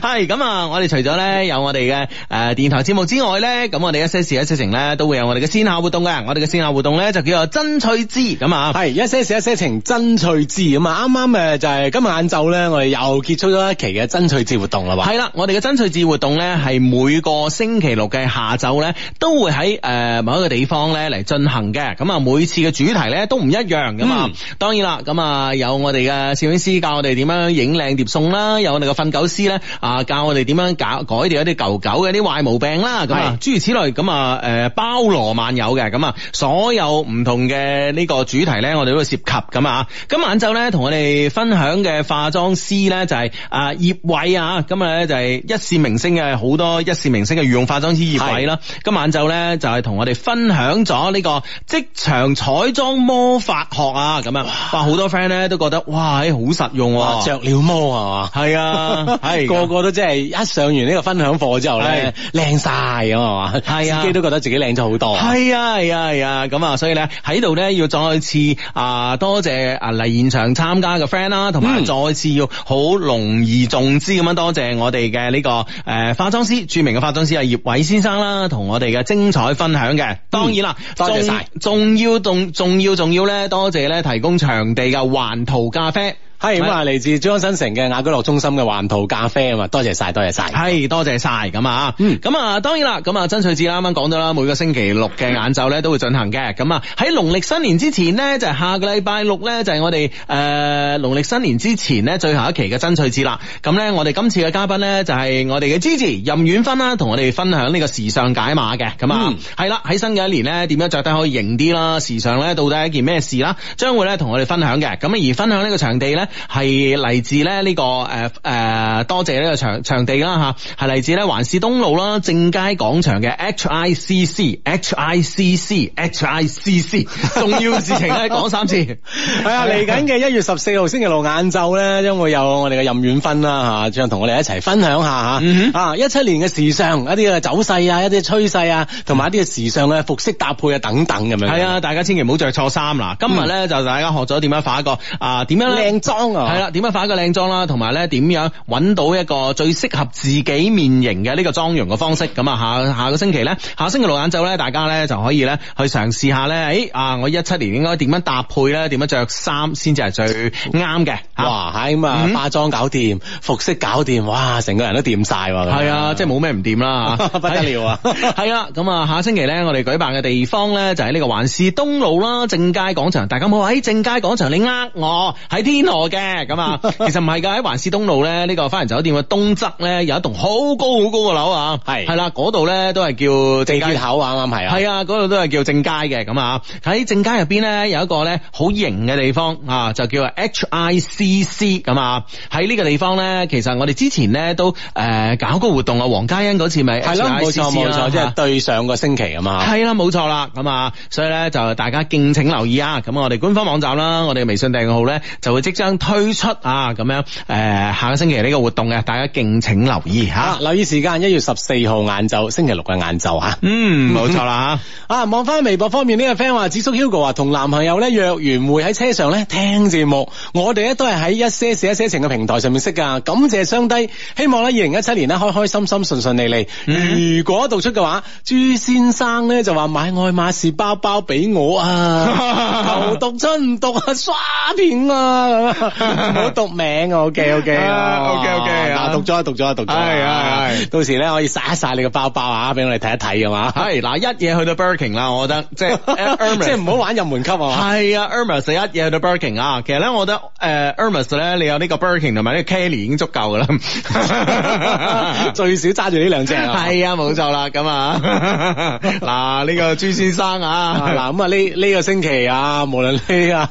係咁啊！我哋除咗咧有我哋嘅誒電台節目之外咧，咁我哋一些事一些情咧都會有我哋嘅綫下活動嘅。我哋嘅綫下活動咧就叫做真趣志咁啊！係一些事一些情真趣志咁啊！啱啱誒就係今日晏晝咧，我哋又結束咗一期嘅真趣志活動啦，係啦！我哋嘅真趣志活動咧係每個星期六嘅下晝咧都會喺誒某一個地方咧嚟進行嘅。咁啊每次嘅主題咧都唔一樣噶嘛、嗯。當然啦，咁啊有我哋嘅攝影師教我哋點樣影靚碟。啦，有我哋嘅訓狗師咧，啊教我哋點樣搞改掉一啲狗狗嘅啲壞毛病啦，咁啊諸如此類，咁啊誒包羅萬有嘅，咁啊所有唔同嘅呢個主題咧，我哋都會涉及咁啊。今晚晝咧同我哋分享嘅化妝師咧就係啊葉偉啊，今日咧就係一線明星嘅好多一線明星嘅御用化妝師葉偉啦。今晚晝咧就係同我哋分享咗呢個職場彩妝魔法學啊，咁啊哇，好多 friend 咧都覺得哇，好實用，着了魔啊！係、 哦、啊，係個個都真係一上完呢個分享課之後咧，靚曬咁啊嘛，係 啊，自己都覺得自己靚咗好多。係啊，係啊，係啊，咁啊，所以咧喺度咧要再次啊、呃、多謝啊嚟現場參加嘅 friend 啦，同埋再次要好隆而重之咁樣多謝我哋嘅呢個誒化妝師，著名嘅化妝師啊葉偉先生啦，同我哋嘅精彩分享嘅。當然啦，多謝曬，仲要，仲要，仲要咧，多謝咧提供場地嘅環圖咖啡。係咁啊！嚟自珠江新城嘅雅居樂中心嘅環圖咖啡啊嘛，多謝晒，多謝晒，係多謝晒咁啊！咁啊、嗯，當然啦，咁啊，曾翠智啱啱講咗啦，每個星期六嘅晏晝咧都會進行嘅。咁啊，喺農曆新年之前呢，就係、是、下個禮拜六咧，就係、是、我哋誒、呃、農曆新年之前呢，最後一期嘅曾翠智啦。咁咧，我哋今次嘅嘉賓呢，就係我哋嘅支持任遠芬啦，同我哋分享呢個時尚解碼嘅。咁啊，係、嗯、啦，喺新嘅一年呢，點樣着得可以型啲啦？時尚咧到底係一件咩事啦？將會咧同我哋分享嘅。咁而分享呢個場地咧。係嚟自咧、這、呢個誒誒、呃，多謝呢個場場地啦吓，係嚟自咧環市東路啦正佳廣場嘅 HICC, HICC HICC HICC，重要事情咧講 三次。係 啊，嚟緊嘅一月十四號星期六晏晝咧，將會有我哋嘅任遠芬啦吓，想同我哋一齊分享一下吓，mm -hmm. 啊一七年嘅時尚一啲嘅走勢啊，一啲趨勢啊，同埋一啲嘅、mm -hmm. 時尚嘅服飾搭配啊等等咁樣。係、嗯、啊，大家千祈唔好着錯衫啦。今日咧、mm -hmm. 就大家學咗點樣化一個啊，點樣靚裝係啦，點 樣化一個靚妝啦，同埋咧點樣揾到一個最適合自己面型嘅呢個妝容嘅方式。咁啊，下下個星期咧，下星期六晏晝咧，大家咧就可以咧去嘗試下咧。誒、哎、啊，我一七年應該點樣搭配咧？點樣着衫先至係最啱嘅？哇，係咁啊，化、嗯、妝搞掂，服飾搞掂，哇，成個人都掂晒。係啊，即係冇咩唔掂啦， 不得了啊！係 啊， 咁啊，下星期咧，我哋舉辦嘅地方咧就喺、是、呢個環市東路啦，正佳廣場。大家唔好喺正佳廣場，你呃我喺天河。嘅咁啊，其實唔係㗎，喺環市東路咧，呢個花園酒店嘅東側咧，有一棟好高好高嘅樓啊，係係啦，嗰度咧都係叫正街口啊，啱啱係啊？係啊，嗰度都係叫正街嘅咁啊。喺、嗯、正街入邊咧有一個咧好型嘅地方啊，就叫 HICC 咁、嗯、啊。喺呢個地方咧，其實我哋之前咧都誒搞個活動啊，黃嘉欣嗰次咪係咯，冇錯冇錯，即係對上個星期啊嘛，係啦，冇錯啦，咁、嗯、啊，所以咧就大家敬請留意啊。咁我哋官方網站啦，我哋微信訂號咧就會即將推出啊，咁樣誒、呃，下個星期呢個活動嘅，大家敬請留意吓、啊。留意時間，一月十四號晏晝，星期六嘅晏晝吓。嗯，冇錯啦吓、嗯。啊，望翻微博方面呢、這個 friend 話，紫叔 Hugo 話同男朋友咧約完會喺車上咧聽節目。我哋咧都係喺一些事一些情嘅平台上面識噶，感謝雙低。希望咧二零一七年呢開開心心、順順利利、嗯。如果讀出嘅話，朱先生咧就話買愛馬仕包包俾我啊！ 求讀出唔讀啊，刷片啊！唔好 讀名啊，OK OK OK OK，嗱讀咗啊，讀咗啊，讀咗，係係，到時咧可以晒一晒你個包包啊，俾我哋睇一睇，噶嘛？係、哎、嗱，一嘢去到 Birkin 啦，我覺得即係即係唔好玩入門級 係啊，係啊，Hermès 一嘢去到 Birkin 啊，其實咧，我覺得誒，Hermès 咧，你有呢個 Birkin 同埋呢個 Kelly 已經足夠噶啦， 最少揸住呢兩隻，係啊，冇 錯啦，咁啊，嗱 呢個朱先生啊，嗱 咁啊呢呢、呢個星期啊，無論呢啊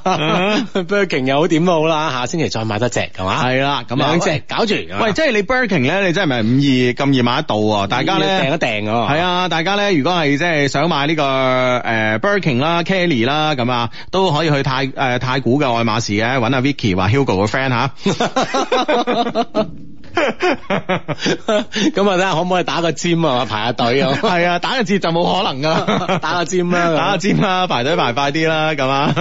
Birkin 又好點都好啦。下星期再買多隻咁嘛？係啦，咁兩隻搞住。喂，即係你 Birkin 咧，你真係咪五二咁易買得到訂一訂啊？大家咧訂一訂㗎。係啊，大家咧如果係即係想買呢、呢個誒 Birkin 啦、呃、Birkin, Kelly 啦咁啊，都可以去泰誒、呃、太古嘅愛馬仕嘅揾阿 Vicky 或 Hugo 嘅 friend 吓。 咁啊，睇下可唔可以打個尖啊，排下隊啊？係啊，打個折就冇可能噶，打個尖 gym 啦，打個尖啦，排隊排快啲啦，咁啊，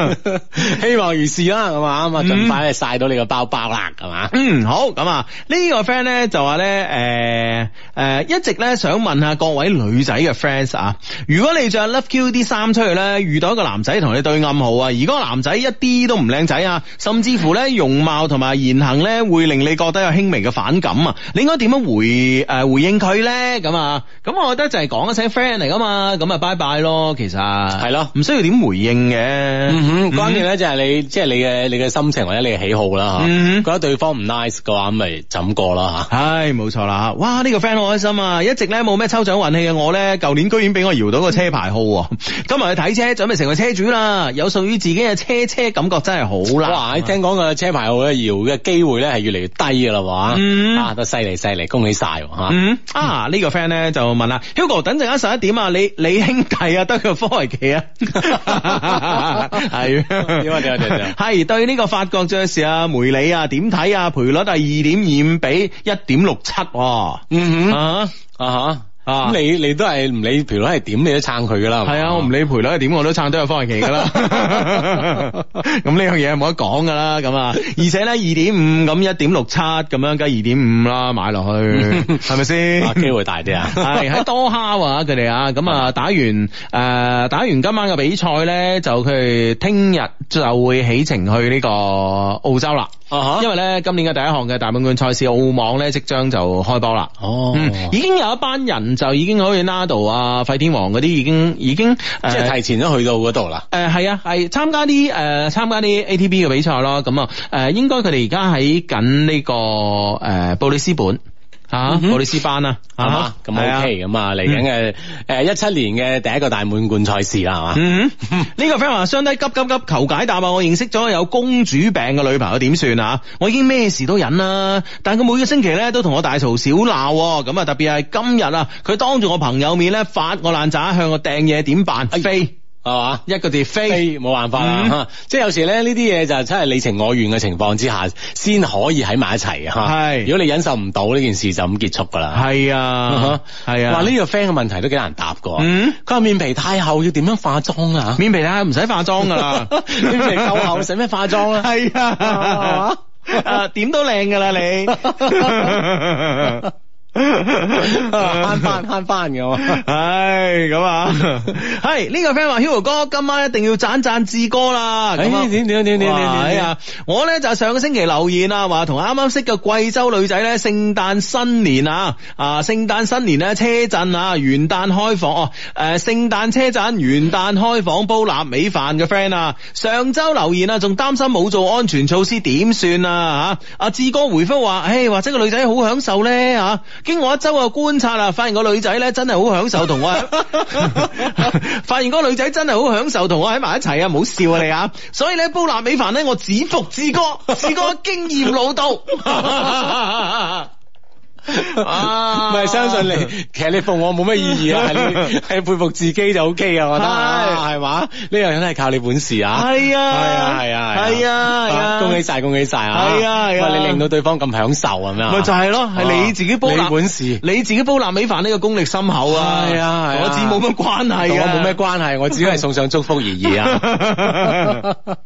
希望如是啦，咁、嗯、啊，咁啊，盡快咧晒到你個包包啦，係、嗯、嘛？嗯，好，咁啊，這個、呢個 friend 咧就話咧，誒、呃、誒、呃，一直咧想問下各位女仔嘅 friends 啊，如果你着 love q 啲衫出去咧，遇到一個男仔同你對暗號啊，而嗰個男仔一啲都唔靚仔啊，甚至乎咧容貌同埋言行咧會令你覺得有輕微嘅反。咁啊，你應該點樣回誒、呃、回應佢咧？咁啊，咁我覺得就係講一聲 friend 嚟噶嘛，咁啊 bye bye 咯，其實係、啊、咯，唔需要點回應嘅、嗯嗯。關鍵咧就係、是、你即係、就是、你嘅你嘅心情或者你嘅喜好啦吓、嗯。覺得對方唔 nice 嘅話，咁咪咁過過啦吓。係，冇錯啦哇，呢、這個 friend 好開心啊！一直咧冇咩抽獎運氣嘅我咧，舊年居然俾我搖到個車牌號喎、嗯。今日去睇車，準備成為車主啦。有屬於自己嘅車車，感覺真係好啦。哇、嗯，聽講個車牌號嘅搖嘅機會咧係越嚟越低噶啦、嗯。啊！得犀利犀利，恭喜晒喎嚇！啊！呢、嗯啊呢個 friend 咧就問啦、嗯、Hugo，等陣間十一點啊，你你兄弟啊，得個科維奇啊，係點啊點啊點啊！係對呢個法國爵士啊梅里啊點睇啊？賠率第二點二五比一點六七喎。嗯哼啊啊嚇！嗯嗯嗯啊！咁你你都係唔理賠率係點，你都撐佢噶啦。係啊，我唔理賠率係點，我都撐都係方其噶啦。咁呢樣嘢冇得講噶啦。咁啊，而且咧二點五咁一點六七咁樣，梗係二點五啦，買落去係咪先？啊，機會大啲 啊。係喺多哈啊佢哋啊。咁啊， 打完誒、呃、打完今晚嘅比賽咧，就佢哋聽日就會起程去呢個澳洲啦。Uh -huh. 因為咧今年嘅第一項嘅大滿貫賽事澳網咧，即將就開波啦。哦、oh. 嗯，已經有一班人。就 Nado、啊、已經可以納度啊，費天王嗰啲已經已經即係提前咗去到嗰度啦。誒、呃，係啊，係參加啲誒參加啲 ATP 嘅比賽咯。咁啊，誒，應該佢哋而家喺緊呢個誒、呃、布里斯本。啊、uh -huh.，布里斯班啊，係嘛？咁 OK，咁啊嚟緊嘅誒一七年嘅第一個大滿貫賽事啦，係嘛？嗯，呢個 friend 話，傷低急急急求解答啊！我認識咗有公主病嘅女朋友，點算啊？我已經咩事都忍啦，但係佢每一個星期咧都同我大嘈小鬧，咁啊特別係今日啊，佢當住我朋友面咧發我爛渣，向我掟嘢，點辦？哎、飛！係、哦、嘛，一個碟飛冇辦法啊、嗯，即係有時咧呢啲嘢就真係你情我願嘅情況之下，先可以喺埋一齊啊。係，如果你忍受唔到呢件事，就咁結束噶啦。係啊，係、嗯、啊。話呢個 friend 嘅問題都幾難答噶。嗯，佢話面皮太厚，要點樣化妝啊？面皮太唔使化妝噶啦， 面皮夠厚，使咩化妝啊？係 啊，係 嘛是、啊，誒、 啊，點、 啊、都靚噶啦你。 慳翻慳翻嘅啊！唉，咁啊，係呢個 friend 話，Hugo 哥今晚一定要讚讚志哥啦！點點點點點點啊！我咧就是、上個星期留言說剛剛的貴啊，話同啱啱識嘅貴州女仔咧，聖誕新年啊，啊聖誕新年咧車震啊，元旦開房哦！誒，聖誕車震、元旦開房煲臘味飯嘅 friend 啊，上周留言啊，仲擔心冇做安全措施點算啊？吓、啊，阿志哥回覆話，唉，或者個女仔好享受咧吓。啊經過一周嘅觀察啦，發現個女仔咧真係好享受同我， 發現個女仔真係好享受同我喺埋一齊啊！唔好笑啊你啊！所以咧煲臘味飯咧，我只服志哥，志哥經驗老道。 唔、啊、係 相信你，其實你服我冇咩意義啊！係佩 服自己就 OK 啊，我覺得係嘛，呢樣嘢都係靠你本事啊！係啊，係啊，係啊，係啊，啊，啊，啊！恭喜晒，恭喜晒啊！係啊，啊，不啊！你令到對方咁享受係咩啊？咪就係咯，係你自己煲，你本事，你自己煲臘味飯呢個功力深厚啊！係啊，啊，啊，我自己冇乜關係，我冇咩關係， 我只係送上祝福而已啊！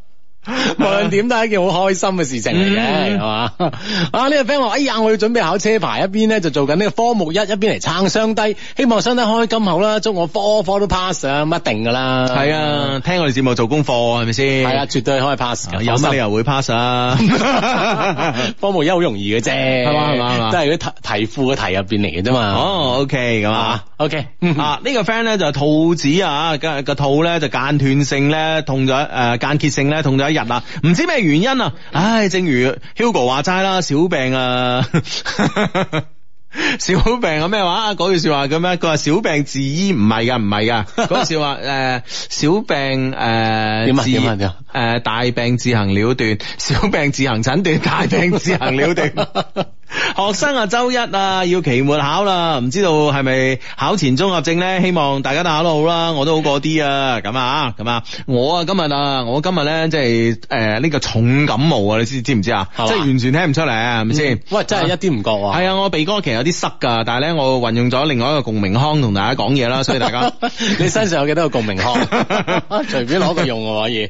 無論點都係一件好開心嘅事情嚟嘅，係嘛、嗯？啊呢、這個 friend 話，哎呀，我要準備考車牌，一邊咧就做緊呢個科目一，一邊嚟撐雙低，希望雙低開金口啦，祝我科科都 pass，上，一定噶啦。係啊，聽我哋節目做功課係咪先？係啊，絕對可以 pass，啊、有乜理由會 pass 啊？Pass 啊 科目一好容易嘅啫，係嘛？係嘛？都係啲題題庫嘅題入邊嚟嘅啫嘛。哦，OK，咁啊，OK，嗯、啊、這個、呢個 friend 咧就係、是、兔子啊，個個肚咧就間斷性咧痛咗，誒、呃、間歇性咧痛咗。人啊，唔知咩原因啊，唉，正如 Hugo 話齋啦，小病啊， 小病啊咩話，啊，講句說話咁樣，佢話小病自醫唔係噶，唔係噶，嗰 句說話誒、呃，小病誒，點啊點啊點啊！誒、呃，大病自行了斷，小病自行診斷，大病自行了斷。 學生啊，周一啊，要期末考啦，唔知道係咪考前綜合症咧？希望大家考得好啦，我都好過啲啊，咁啊，咁啊，我啊今日啊，我今日咧即係誒呢個重感冒啊，你知知唔知啊？即係完全聽唔出嚟、嗯、啊，係咪先？喂，真係一啲唔覺啊！係啊，啊，我鼻哥其實有啲塞噶，但係咧我運用咗另外一個共鳴腔同大家講嘢啦，所以大家 你身上有幾多個共鳴腔？隨 便攞個用我可以。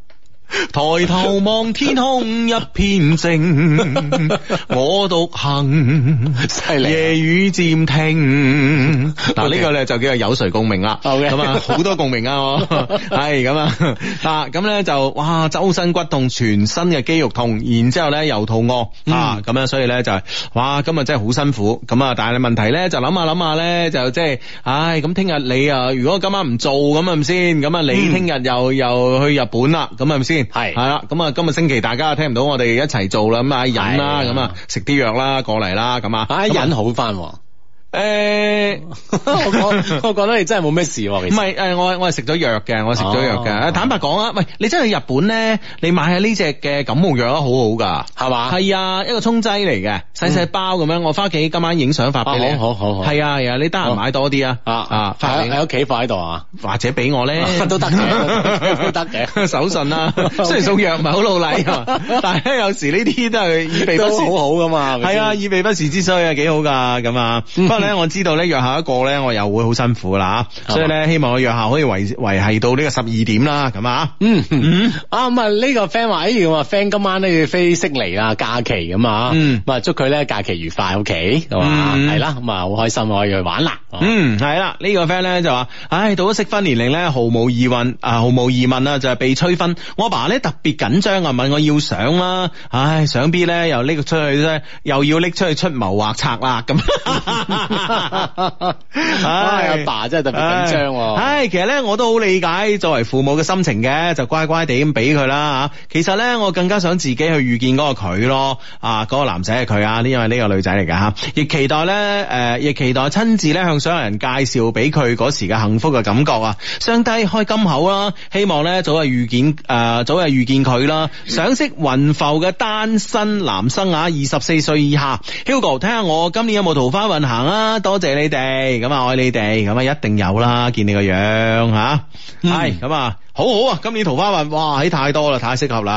抬頭望天空一片靜，我獨行。犀利，夜雨漸停。嗱、啊，呢、這個咧就叫做有誰共鳴啦。好咁啊，好多共鳴啊，係咁啊，咁 咧就哇，周身骨痛，全身嘅肌肉痛，然之後咧又肚餓啊，咁、嗯、樣，所以咧就哇，今日真係好辛苦。咁啊，但係問問題咧就諗下諗下咧，就即係，唉、就是，咁聽日你啊，如果今晚唔做咁係咪先？咁啊，那你聽日又、嗯、又去日本啦？咁係咪先？係係啦，咁啊，今日星期大家聽唔到我哋一齊做啦，咁啊，忍啦，咁啊，食啲藥啦，過嚟啦，咁啊，忍好翻。啊誒、欸 啊，我覺，我覺得咧，你真係冇咩事喎。唔係，誒，我我係食咗藥嘅，我食咗藥嘅。坦白講啊，喂，你真係去日本咧，你買下呢隻嘅感冒藥咧，好好噶，係嘛？係啊，一個沖劑嚟嘅，細細包咁樣、嗯。我返屋企今晚影相發俾你、啊啊，好好好。係啊係啊，你得閒買多啲啊啊啊，喺屋企放喺度啊，或者俾我咧都得嘅，都得嘅。手信 順啊， 雖然送藥唔係好老禮， 但係有時呢啲都係以備不、不、啊、不時之需啊，幾好噶咁啊。咧、嗯、我知道咧約下一個咧我又會好辛苦啦，所以咧希望我約下可以維維繫到呢個十二點啦，咁、嗯嗯嗯嗯、啊，嗯啊咁啊呢個 friend 話誒，咁啊 friend 今晚都要飛悉尼啦，假期咁、嗯、啊，咁啊祝佢咧假期愉快，OK 係嘛？係啦，咁啊好開心我要去玩啦，嗯，係、啊、啦，呢、這個 friend 咧就話，唉，到咗適婚年齡咧，毫無疑問啊，毫無疑問啊，就係、是、被催婚，我阿爸咧特別緊張啊，問我要相啦，唉，想必咧又拎出去啫，又要拎出去出謀劃策啦，咁。嗯 哈 唉，阿爸、爸真係特別緊張。唉，其實咧我都好理解作為父母嘅心情嘅，就乖乖地咁俾佢啦吓。其實咧我更加想自己去遇見嗰個佢咯，啊，嗰、嗰個男仔係佢啊，呢因為呢個女仔嚟嘅吓，亦期待咧誒，亦、啊、期待親、啊、自咧向所有人介紹俾佢嗰時嘅幸福嘅感覺啊！上帝開金口啦，希望咧早日遇見誒，早日遇見佢啦！想識雲浮嘅單身男生啊，二十四歲以下，Hugo，聽下我今年有冇桃花運行啊？多謝你哋，咁愛你哋，咁一定有啦。見你個樣吓，係咁啊、嗯哎嗯，好好啊。今年桃花運，哇，啲太多啦，太下適合啦、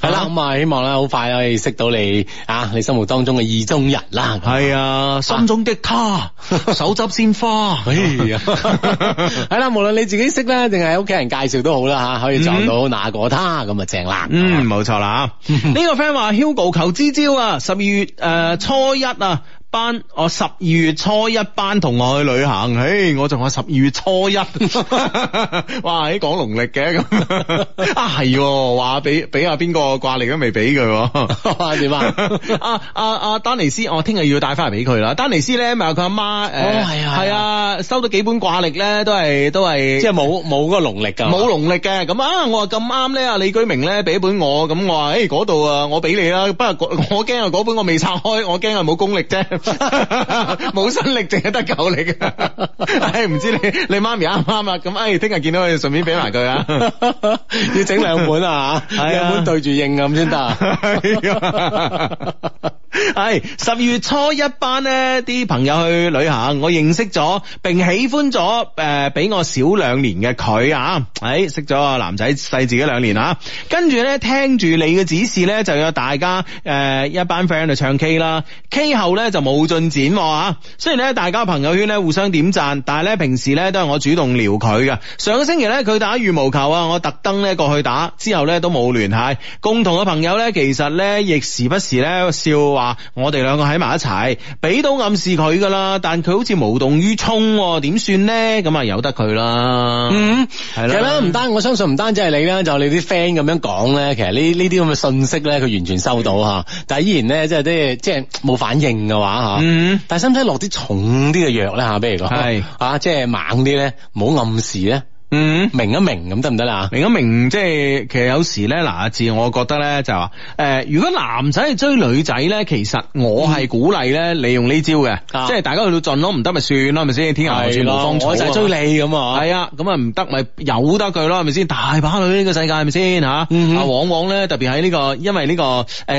啊、啦吓。係啦，咁啊，希望咧好快可以識到你啊，你心目當中嘅意中人啦。係啊，啊，心中的他、啊，手執鮮花。係、 哎、 啦，無論你自己識咧，定係屋企人介紹都好啦，吓可以撞到那個他咁啊、嗯、正啦。嗯，冇錯啦。呢、嗯啊呢個 friend 話，Hugo 求支招啊，十二月誒初一啊。班我十二月初一班同學去旅行，嘿，我仲話十二月初一， 哇，喺講農曆嘅咁， 啊係，話俾俾阿邊個掛歷都未俾佢，點 樣啊， 啊？啊阿丹尼斯，我聽日要帶翻嚟俾佢啦。丹尼斯咧咪佢阿媽，係、呃哦、啊，啊，收到幾本掛歷咧，都係都係，即係冇冇嗰個農曆㗎，冇農曆嘅。咁啊，我話咁啱咧，李居明咧俾本我，咁我話，誒嗰度啊，我俾你啦，不過我驚啊，嗰本我未拆開，我驚係冇功力啫。冇 新力，淨係得狗力啊！唉、 哎，唔知你你媽咪啱唔啱啊？咁唉，聽、哎、日見到佢，順便俾埋佢啊！ 要整兩本啊！嚇，兩本對住應咁先得啊！ 係十二月初一班呢啲朋友去旅行，我認識咗並喜歡咗誒、呃，比我小兩年嘅佢啊，喺、哎、識咗個男仔細自己兩年啊。跟住呢，聽住你嘅指示呢，就有大家誒、呃、一班 friend 去唱 K 啦。K 後呢就冇進展啊。雖然呢大家朋友圈呢互相點讚，但係呢平時呢都係我主動撩佢嘅。上個星期呢，佢打羽毛球啊，我特登呢過去打，之後呢都冇聯繫。共同嘅朋友呢，其實呢亦時不時呢笑話。我哋兩個喺埋一齊，俾到暗示佢噶啦，但佢好似無動於衷，點算咧？咁啊，由得佢啦。嗯，係啦，唔單我相信唔單止係你啦，就你啲 friend 咁樣講咧，其實呢呢啲咁嘅信息咧，佢完全收到吓，但係依然咧，即係即係即係冇反應嘅話吓，嗯，但係使唔使落啲重啲嘅藥咧吓？比如講係吓，即係猛啲咧，唔好暗示咧。嗯，明一明咁得唔得啦？明一明，即係其實有時咧，嗱、啊，阿志，我覺得咧就話，誒、呃，如果男仔去追女仔咧，其實我係鼓勵咧，你用呢招嘅，即係大家去到盡咯，唔得咪算咯，係咪先？天涯海角無芳蹤，我就追你咁啊！係啊，咁啊唔得咪由得佢咯，係咪先？大把女呢個世界係咪先？吓、嗯啊，往往咧特別喺呢個，因為呢、這個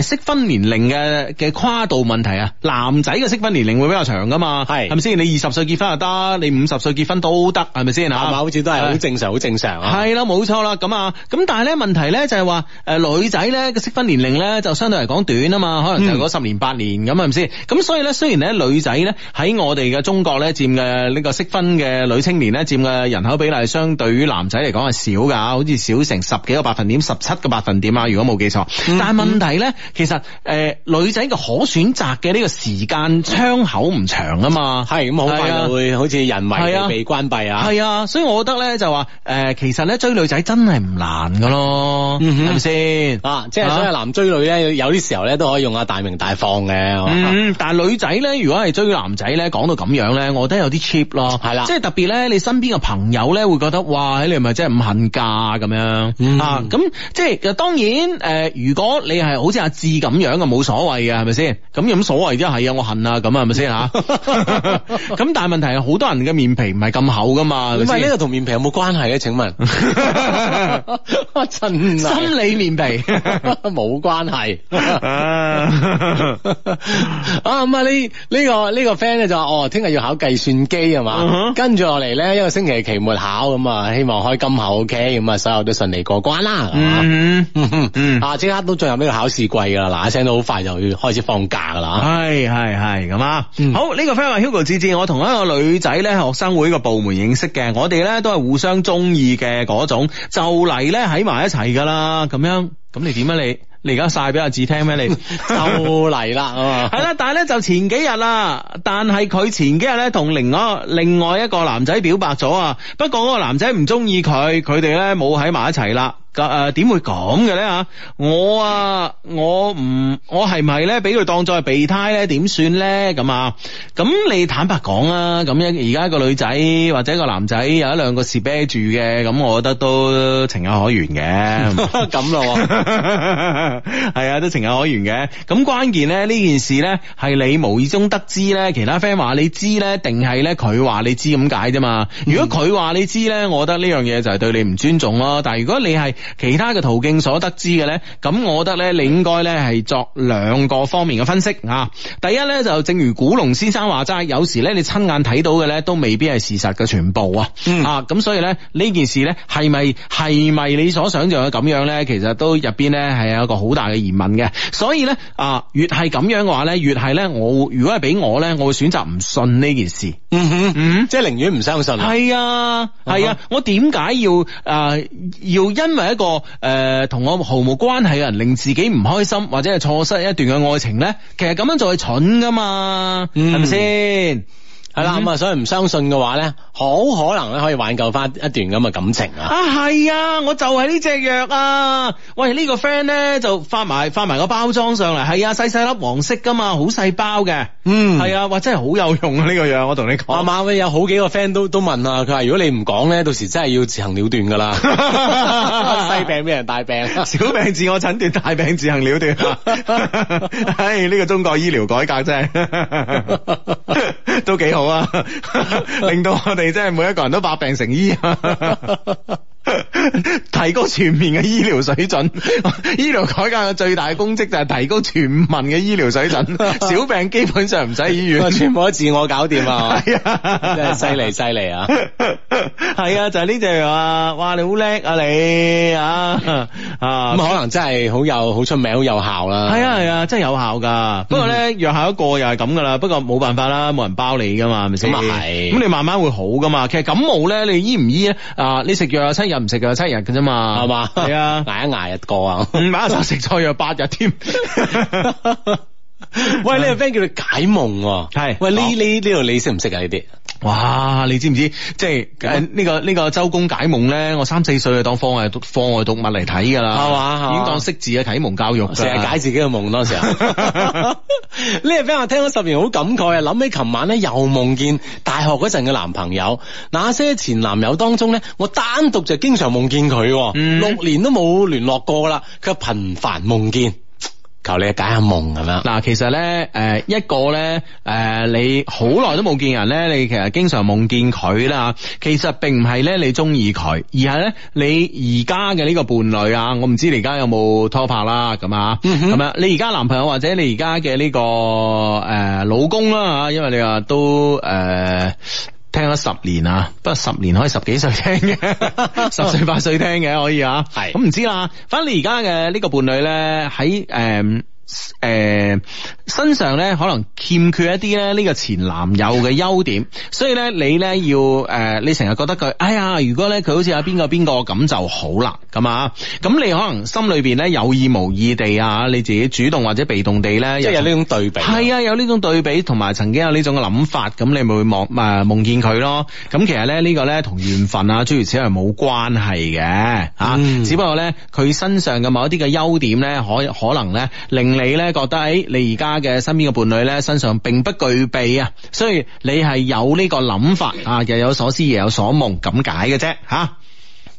誒，適、呃、婚年齡嘅嘅跨度問題啊，男仔嘅適婚年齡會比較長噶嘛，係係咪先？你二十歲結婚又得，你五十歲結婚，歲結婚是是馬馬都得，係咪先？吓，好似都係。正常好正常啊，係啦，冇錯啦，咁啊，咁但係咧問題咧就係話，誒女仔咧個適婚年齡咧就相對嚟講短啊嘛，可能就係嗰十年八年咁，係咪先？咁、嗯、所以咧雖然咧女仔咧喺我哋嘅中國咧占嘅呢個適婚嘅女青年咧占嘅人口比例相對於男仔嚟講係少噶，好似少成十幾個百分點，十七個百分點啊，如果冇記錯、嗯。但係問題咧，其實誒、呃、女仔嘅可選擇嘅呢個時間窗口唔長啊嘛，係咁好快就會好似人為地被關閉啊。係啊，所以我覺得咧就。誒，其實咧追女仔真係唔難噶咯，係咪先啊？即係所以男追女咧、啊，有啲時候咧都可以用阿大明大放嘅、嗯。但係女仔咧，如果係追男仔咧，講到咁樣咧，我覺得有啲 cheap 咯，係啦。即係特別咧，你身邊嘅朋友咧會覺得，哇，你咪真係唔恨嫁咁樣、嗯、啊？咁即係當然誒、呃，如果你係好似阿志咁樣啊，冇所謂啊，係咪先？咁有乜所謂啫？係啊，我恨啊，咁係係咪先吓？咁 但係問題係，好多人嘅面皮唔係咁厚噶嘛，同面皮有冇？關係咧？請問， 真理 關係 啊，心裏面皮冇關係啊！啊、嗯、咁、嗯嗯、啊，呢呢個呢個 friend 咧就話哦，聽日要考計算機吖嘛，跟住落嚟咧一個星期期末考咁啊，希望開金口 OK 咁啊，所有都順利過關啦，係啊，即刻都進入呢個考試季噶啦，嗱一聲都好快就要開始放假噶啦，係係係咁啊，好呢、這個 friend 話 Hugo 子志，我同一個女仔咧學生會個部門認識嘅，我哋咧都係互相。相中意嘅嗰種就嚟咧喺埋一齊噶啦，咁樣咁你點啊你？你而家晒俾阿志聽咩你？ 就嚟來啦了，係 啦，但係咧就前幾日啦，但係佢前幾日咧同另外另外一個男仔表白咗啊，不過嗰個男仔唔中意佢，佢哋咧冇喺埋一齊啦。噶誒，點會咁嘅咧吓？我啊，我唔，我係咪咧俾佢當作係備胎咧？點算咧？咁啊？咁你坦白講啊？咁一而家個女仔或者一個男仔有一兩個士啤住嘅，咁我覺得都情有可原嘅。咁咯，係啊，都情有可原嘅。咁關鍵咧呢件事咧，係你無意中得知咧，其他 friend 話你知咧，定係咧佢話你知咁解啫嘛？如果佢話你知咧，我覺得呢樣嘢就係對你唔尊重咯。但係如果你係，其他嘅途徑所得知嘅咧，咁我覺得咧，你應該咧係作兩個方面嘅分析啊。第一咧就正如古龍先生話齋，有時咧你親眼睇到嘅咧都未必係事實嘅全部啊、嗯。啊，咁所以咧呢件事咧係咪係咪你所想象嘅咁樣咧？其實都入邊咧係有一個好大嘅疑問嘅。所以咧啊，越係咁樣嘅話咧，越係咧我如果係俾我咧，我會選擇唔信呢件事。嗯哼，嗯，即係寧願唔相信。係啊，係啊，嗯、我點解要啊、呃、要因為一個誒，同、呃、我毫無關係嘅人，令自己唔開心，或者係錯失一段嘅愛情咧，其實咁樣就係蠢噶嘛，係咪先？是係啦，咁啊，所以唔相信嘅話咧，好可能咧可以挽救翻一段咁嘅感情啊！啊，係啊，我就係呢隻藥啊！喂，呢個 friend 咧就發埋發埋個包裝上嚟，係啊，細細粒黃色噶嘛，好細包嘅，嗯，係啊，哇，真係好有用啊！呢個藥我同你講，啊嘛，我媽有好幾個 friend 都都問啊，佢話如果你唔講咧，到時真係要自行了斷噶啦，細 病俾人大病，小病自我診斷，大病自行了斷，係 哎呢個中國醫療改革真係 都幾好。好啊，令到我哋真係每一個人都百病成醫。 提高全面嘅醫療水準， 醫療改革嘅最大嘅功績就係提高全民嘅醫療水準， 小病基本上唔使醫院 全部都自我搞掂啊！係 是啊， 真係犀利犀利啊！係 啊，就係呢隻藥啊！哇，你好叻啊你啊 啊！咁可能真係好有好出名，好有效啦，啊！係啊係啊，啊，真係有效噶，嗯。不過咧，藥效一過又係咁噶啦。不過冇辦法啦，冇人包你噶嘛，咪先咁啊係。咁，啊，你慢慢會好噶嘛。其實感冒咧，你醫唔醫咧？啊，你食藥七日。唔食噶七日嘅啫嘛，係嘛？係 挨一挨日過 啊，唔買就食菜藥八日添。喂，呢個 friend 叫你解夢喎，係。喂，你你呢度你識唔識啊？呢啲？哇！你知唔知即係誒？呢個呢個周公解夢咧，我三四歲就當課外讀課外讀物嚟睇噶啦，係嘛，已經當識字嘅啟蒙教育，成日解自己嘅夢當時啊。呢日俾我聽咗十年，好感慨啊！諗起琴晚咧，又夢見大學嗰陣嘅男朋友，那些前男友當中咧，我單獨就經常夢見佢，嗯，六年都冇聯絡過啦，佢頻繁夢見。求你解下夢咁樣。嗱，其實咧，誒，一個咧，誒，你好耐都冇見人咧，你其實經常夢見佢啦。其實並唔係咧，你中意佢，而係咧，你而家嘅呢個伴侶啊，我唔知你而家有冇拖拍啦，咁啊，咁你而家男朋友或者你而家嘅呢個誒老公啦吓，因為你話都誒。呃聽咗十年啊，不過十年可以十幾歲聽嘅， 十歲八歲聽嘅可以啊。係咁唔知啦，反正而家嘅呢個伴侶咧喺誒。誒、呃，身上咧可能欠缺一啲咧呢個前男友嘅優點， 所以咧你咧要誒、呃，你成日覺得佢，哎呀，如果咧佢好似有邊個邊個咁就好啦，咁啊，咁你可能心裏邊咧有意無意地啊，你自己主動或者被動地咧，即係有呢種對比，係啊，有呢種對比，同 埋曾經有呢種嘅諗法，咁你咪會夢、呃、見夢見佢咯。咁其實咧呢個咧同緣分啊諸如此類冇關係嘅，啊、嗯，只不過咧佢身上嘅某一啲嘅優點咧，可可能咧令。你咧覺得誒，你而家嘅身邊嘅伴侶咧身上並不具備啊，所以你係有呢個諗法啊，日有所思夜有所夢咁解嘅啫吓，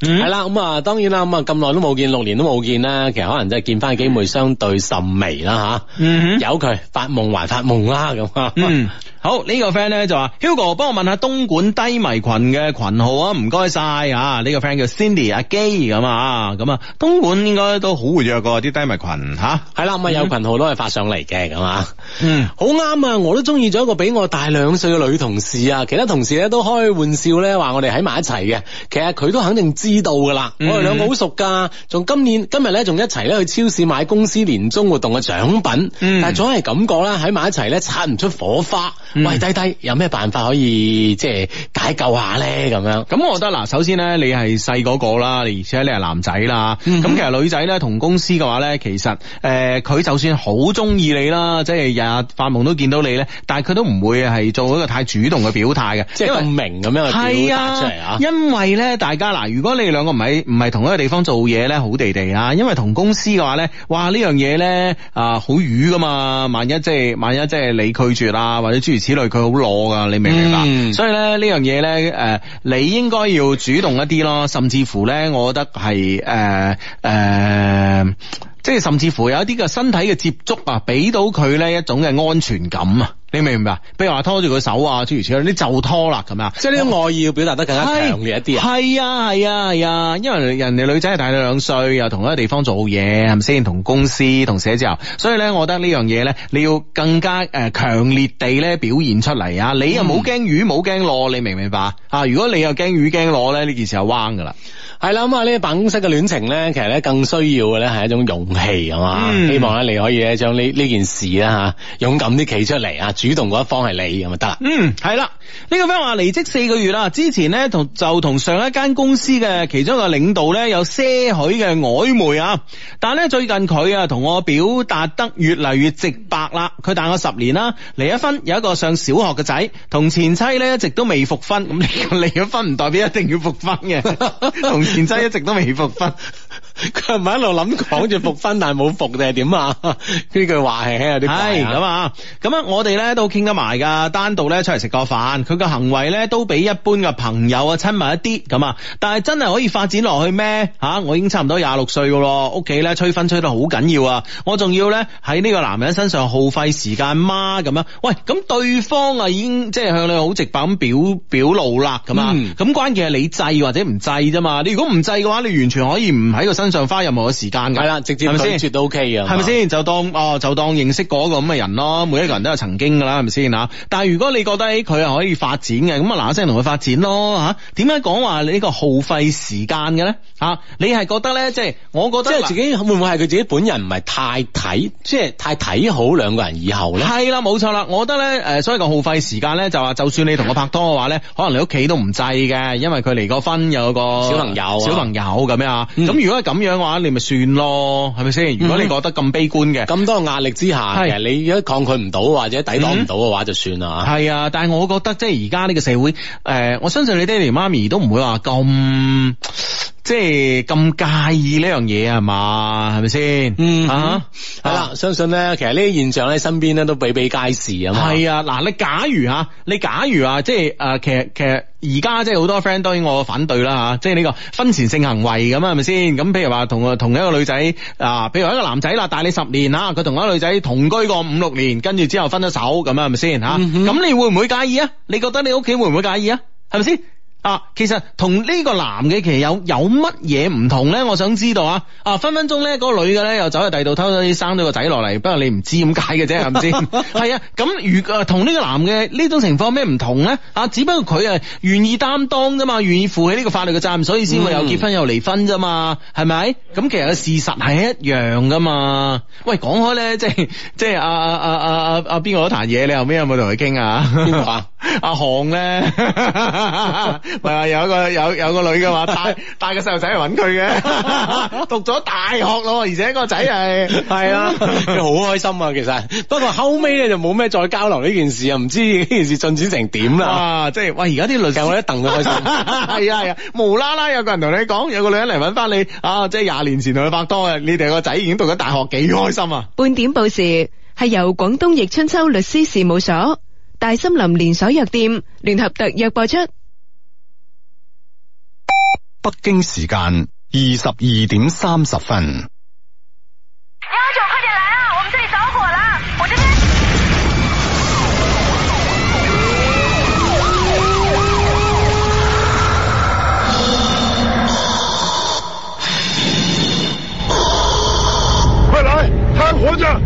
係啦，咁啊當然啦，咁啊咁耐都冇見，六年都冇見啦，其實可能真係見翻嘅機會相對甚微啦吓，嗯，由佢發夢還發夢啦咁啊，嗯。好呢、呢個 friend 咧就話，Hugo 幫我問下東莞低迷群嘅群號啊，唔該晒啊。呢個 friend 叫 Cindy 阿基咁啊，咁啊，東莞應該都好活躍過啲低迷群吓。係、啊、啦、嗯，有群號都係發上嚟嘅咁啊。嗯，好啱啊，我都中意咗一個比我大兩歲嘅女同事啊。其他同事咧都開玩笑咧話我哋喺埋一齊嘅，其實佢都肯定知道噶啦、嗯。我哋兩個好熟噶，仲今年今日咧仲一齊咧去超市買公司年終活動嘅獎品。嗯、但係總係感覺咧喺埋一齊咧擦唔出火花。喂，低低，有咩辦法可以即係解救下咧？咁樣咁，我覺得嗱，首先咧，你係細嗰個啦，而且你係男仔啦，咁、嗯、其實女仔咧同公司嘅話咧，其實誒，佢、呃、就算好中意你啦、嗯，即係日日發夢都見到你咧，但係佢都唔會係做一個太主動嘅表態嘅，即係咁明咁樣係啊，出嚟啊，因為咧，為啊、為大家嗱，如果你哋兩個唔係唔係同一個地方做嘢咧，好地地啊，因為同公司嘅話咧，哇，這個、呢樣嘢咧啊，好瘀噶嘛，萬一即係萬一即係你拒絕啊，或者諸如此類佢好攞噶，你明唔明白？嗯，所以咧，呢樣嘢咧，誒，你應該要主動一啲咯，甚至乎咧，我覺得係誒誒，即係甚至乎有一啲嘅身體嘅接觸啊，俾到佢呢一種嘅安全感啊。你明唔明白？比如話拖住佢手啊，諸如此類，你就拖啦，咁、哦、啊，即係呢個愛意要表達得更加強烈一啲。係啊，係啊，係啊，因為人哋女仔係大你兩歲，又同一個地方做嘢，係咪先？同公司同寫字樓，所以咧，我覺得呢樣嘢咧，你要更加誒強烈地咧表現出嚟啊！你又冇驚魚冇驚攞，你明唔明白啊？如果你又驚魚驚攞咧，呢件事係彎噶啦。係啦，咁啊，呢個辦公室嘅戀情咧，其實咧更需要嘅咧係一種勇氣，係、嗯、嘛？希望咧你可以咧將呢呢件事咧吓勇敢啲企出嚟啊，主動一方係你，咁就得啦。嗯，係啦。呢個 friend 話離職四個月啦，之前呢同就同上一間公司嘅其中一個領導呢有些許嘅曖昧啊，但係咧最近佢啊同我表達得越嚟越直白啦。佢大我十年啦，離咗婚有一個上小學嘅仔，同前妻呢一直都未復婚。咁你離咗婚唔代表一定要復婚嘅，同前妻一直都未復婚。佢係咪一路諗講住復婚，但係冇復定係點啊？呢句話係啊，啲啱咁啊，咁啊，我哋咧都傾得埋噶，單獨咧出嚟食個飯，佢個行為咧都比一般嘅朋友啊親密一啲咁啊。但係真係可以發展落去咩？吓、啊，我已經差唔多廿六歲噶咯，屋企咧催婚催得好緊要啊！我仲要咧喺呢個男人身上耗費時間嗎？咁樣，喂，咁對方啊已經即係向你好直白咁表表露啦，咁啊，咁、嗯、關鍵係你制或者唔制啫嘛。你如果唔制嘅話，你完全可以唔喺呢個身上花任何嘅時間嘅係啦，直接係咪先？斷絕都 OK，係咪先？就當哦，就當認識嗰個咁嘅人咯。每一個人都有曾經噶啦，係咪先吓？但係如果你覺得佢係可以發展嘅，咁啊嗱一聲同佢發展咯吓。點解講話你呢個耗費時間嘅咧吓？你係覺得咧，即係我覺得，即係自己會唔會係佢自己本人唔係太睇，即係太睇好兩個人以後咧？係、嗯、啦，冇錯啦。我覺得咧，誒，所以個耗費時間咧，就話就算你同我拍拖嘅話咧，可能你屋企都唔制嘅，因為佢離過婚，有個小朋友啊，小朋友咁樣。咁、嗯、如果咁樣話你咪算咯，係咪先？如果你覺得咁悲觀嘅，咁多壓力之下，其實你如果抗拒唔到或者抵擋唔到嘅話，就算啦。係、嗯、啊，但係我覺得即係而家呢個社會，誒、呃，我相信你爹哋媽咪都唔會話咁，即係咁介意呢樣嘢係嘛，係咪先？嗯，係、啊、啦、嗯啊嗯嗯，相信咧，其實呢啲現象咧，身邊咧都比比皆是，是啊嘛。係啊，嗱，你假如吓，你假如啊，即係誒，其實其實。而家即係好多 friend，當然我反對啦吓，即係呢個婚前性行為咁啊，係咪先？咁譬如話同同一個女仔啊，譬如一個男仔啦，大你十年啦，佢同一個女仔同居過五六年，跟住之後分咗手咁啊，係咪先吓？咁、嗯、你會唔會介意啊？你覺得你屋企會唔會介意啊？係咪先？啊，其實同呢個男嘅，其實有有乜嘢唔同咧？我想知道啊！啊，分分鐘咧，嗰、那個女嘅咧又走去第度，偷偷地生咗個仔落嚟，不過你唔知點解嘅啫，係咪先？係、嗯、啊，咁如啊，同呢個男嘅呢種情況咩唔同咧？啊，只不過佢啊願意擔當咋嘛，願意負起呢個法律嘅責任，所以先會又結婚又離婚咋嘛，係咪？咁其實個事實係一樣噶嘛。喂，講開咧，即係即係啊，啊，啊，啊，阿、啊、邊、啊啊啊啊、個都談嘢，你後尾有冇同佢傾啊？邊個啊？阿航咧，係 啊，有一個有有個女嘅話帶帶個細路仔嚟搵佢嘅， 讀咗大學啦，而且個仔係係啊，好開心啊，其實，不過後尾咧就冇咩再交流呢件事，不這件事 啊，唔知呢件事進展成點啦，即係喂，而家啲律師我一戥佢，開 心，係啊係啊，啊啊 無啦啦有個人同你講，有個女人嚟搵翻你啊，即係廿年前同佢拍拖啊。你哋個仔已經讀咗大學，幾開心啊！半點報時係由廣東易春秋律師事務所。大森林連鎖藥店聯合特約播出。北京時間二十二點三十分。幺九，快點來啊！我們這裏着火啦！我這邊。快來，還活着。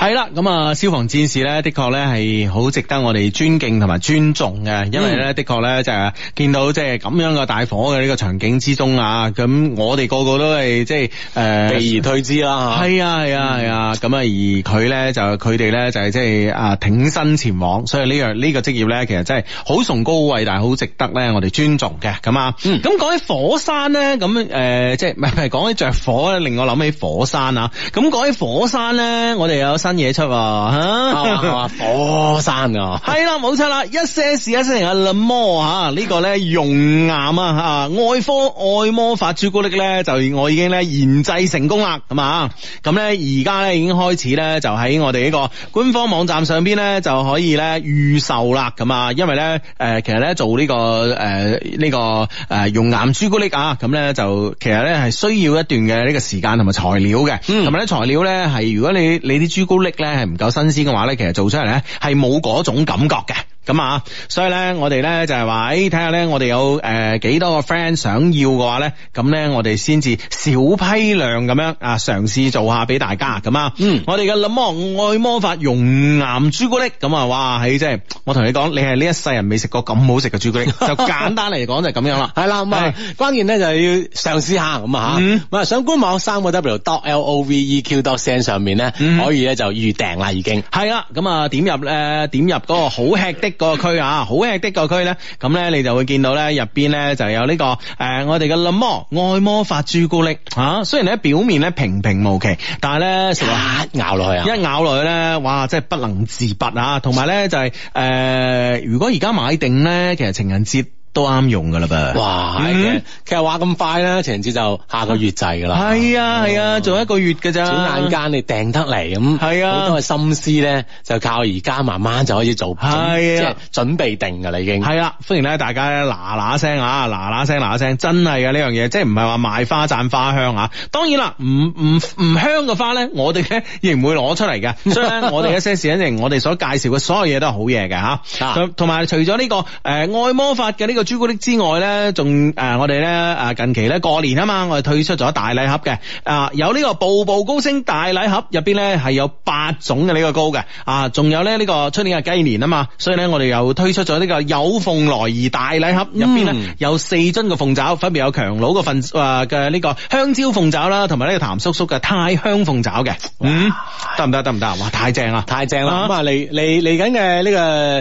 係啦，咁啊，消防戰士咧，的確咧係好值得我哋尊敬同埋尊重嘅，因為咧的確咧就係見到即係咁樣嘅大火嘅呢個場景之中啊，咁我哋個個都係即係誒避而退之啦，係啊係啊係啊，咁啊，是啊，是啊，是啊、嗯、而佢咧就佢哋咧就係即係啊挺身前往，所以呢樣呢個職業咧其實真係好崇高偉大，但係好值得咧我哋尊重嘅，咁、嗯、啊，咁講起火山咧，咁誒即係唔係講起着火咧，令我諗起火山啊，咁講起火山咧，我哋有。新嘢出嚇、啊啊啊，火山㗎、啊，係啦冇錯啦，一些事一些情、這個、啊，魔嚇呢個咧熔岩啊嚇，愛科按摩法朱古力咧就我已經咧研製成功啦。咁啊咁咧而家咧已經開始咧就喺我哋呢個官方網站上邊咧就可以咧預售啦，咁啊因為咧誒、呃、其實咧做呢、這個誒呢、呃這個誒熔、呃、岩朱古力啊，咁咧就其實咧係需要一段嘅呢個時間同埋材料嘅，同埋咧材料咧係如果你你啲朱古拎咧係唔夠新鮮嘅話咧，其實做出嚟咧係冇嗰種感覺嘅。咁啊，所以咧，看看我哋咧就係話，誒，睇下咧，我哋有誒幾多個 friend 想要嘅話咧，咁咧我哋先至小批量咁樣啊嘗試做下俾大家，咁啊，嗯，我哋嘅諗魔愛魔法熔岩朱古力，咁啊，哇，係即係，我同你講，你係呢一世人未食過咁好食嘅朱古力， 就簡， 簡單嚟講就係咁樣 啦，係啦，咁、嗯、啊，關鍵咧就要嘗試下，咁啊吓，咁啊上官網三個 w dot l o v e q dot s e n d 上面咧、嗯，可以咧就預訂啦，已經係啦，咁啊點入咧、呃、點入嗰個好吃的。那個區啊，好吃的個區咧，咁咧你就會見到咧入邊咧就有呢、這個誒、呃，我哋嘅檸檬愛魔法朱古力吓、啊，雖然喺表面咧平平無奇，但係咧食一咬落去啊，一咬落去咧哇，真係不能自拔啊！同埋咧就係、是、誒、呃，如果而家買定咧，其實情人節。都啱用噶啦噃！哇、嗯，其實話咁快啦，情人節就下個月制㗎啦。係啊，係啊，仲有一個月㗎咋？轉眼間你訂得嚟咁，係啊，好多心思咧，就靠而家慢慢就可以做，係啊、即係準備定㗎啦已經。係啦、啊，歡迎咧大家嗱嗱聲啊，嗱嗱聲嗱嗱聲，真係嘅呢樣嘢，即係唔係話賣花讚花香啊？當然啦，唔唔唔香嘅花咧，我哋咧亦唔會攞出嚟嘅。 所以咧，我哋一些情咧，我哋所介紹嘅所有嘢都係好嘢嘅吓，同、啊、埋、啊、除咗呢、呢個誒、呃、愛魔法嘅呢、呢個。朱古力之外咧，仲誒我哋咧誒近期咧過年啊嘛，我哋推出咗大禮盒嘅啊，有呢個步步高升大禮盒，入邊咧係有八種嘅呢個糕嘅啊，仲有咧呢個出年嘅雞年啊嘛，所以咧我哋又推出咗呢個有鳳來儀大禮盒，入邊咧有四樽嘅鳳爪，分別有強佬嘅份啊嘅呢個香蕉鳳爪啦，同埋呢個譚叔叔嘅太香鳳爪嘅。嗯，得唔得？得唔得？哇！太正啦，太正啦！咁啊嚟嚟嚟緊嘅呢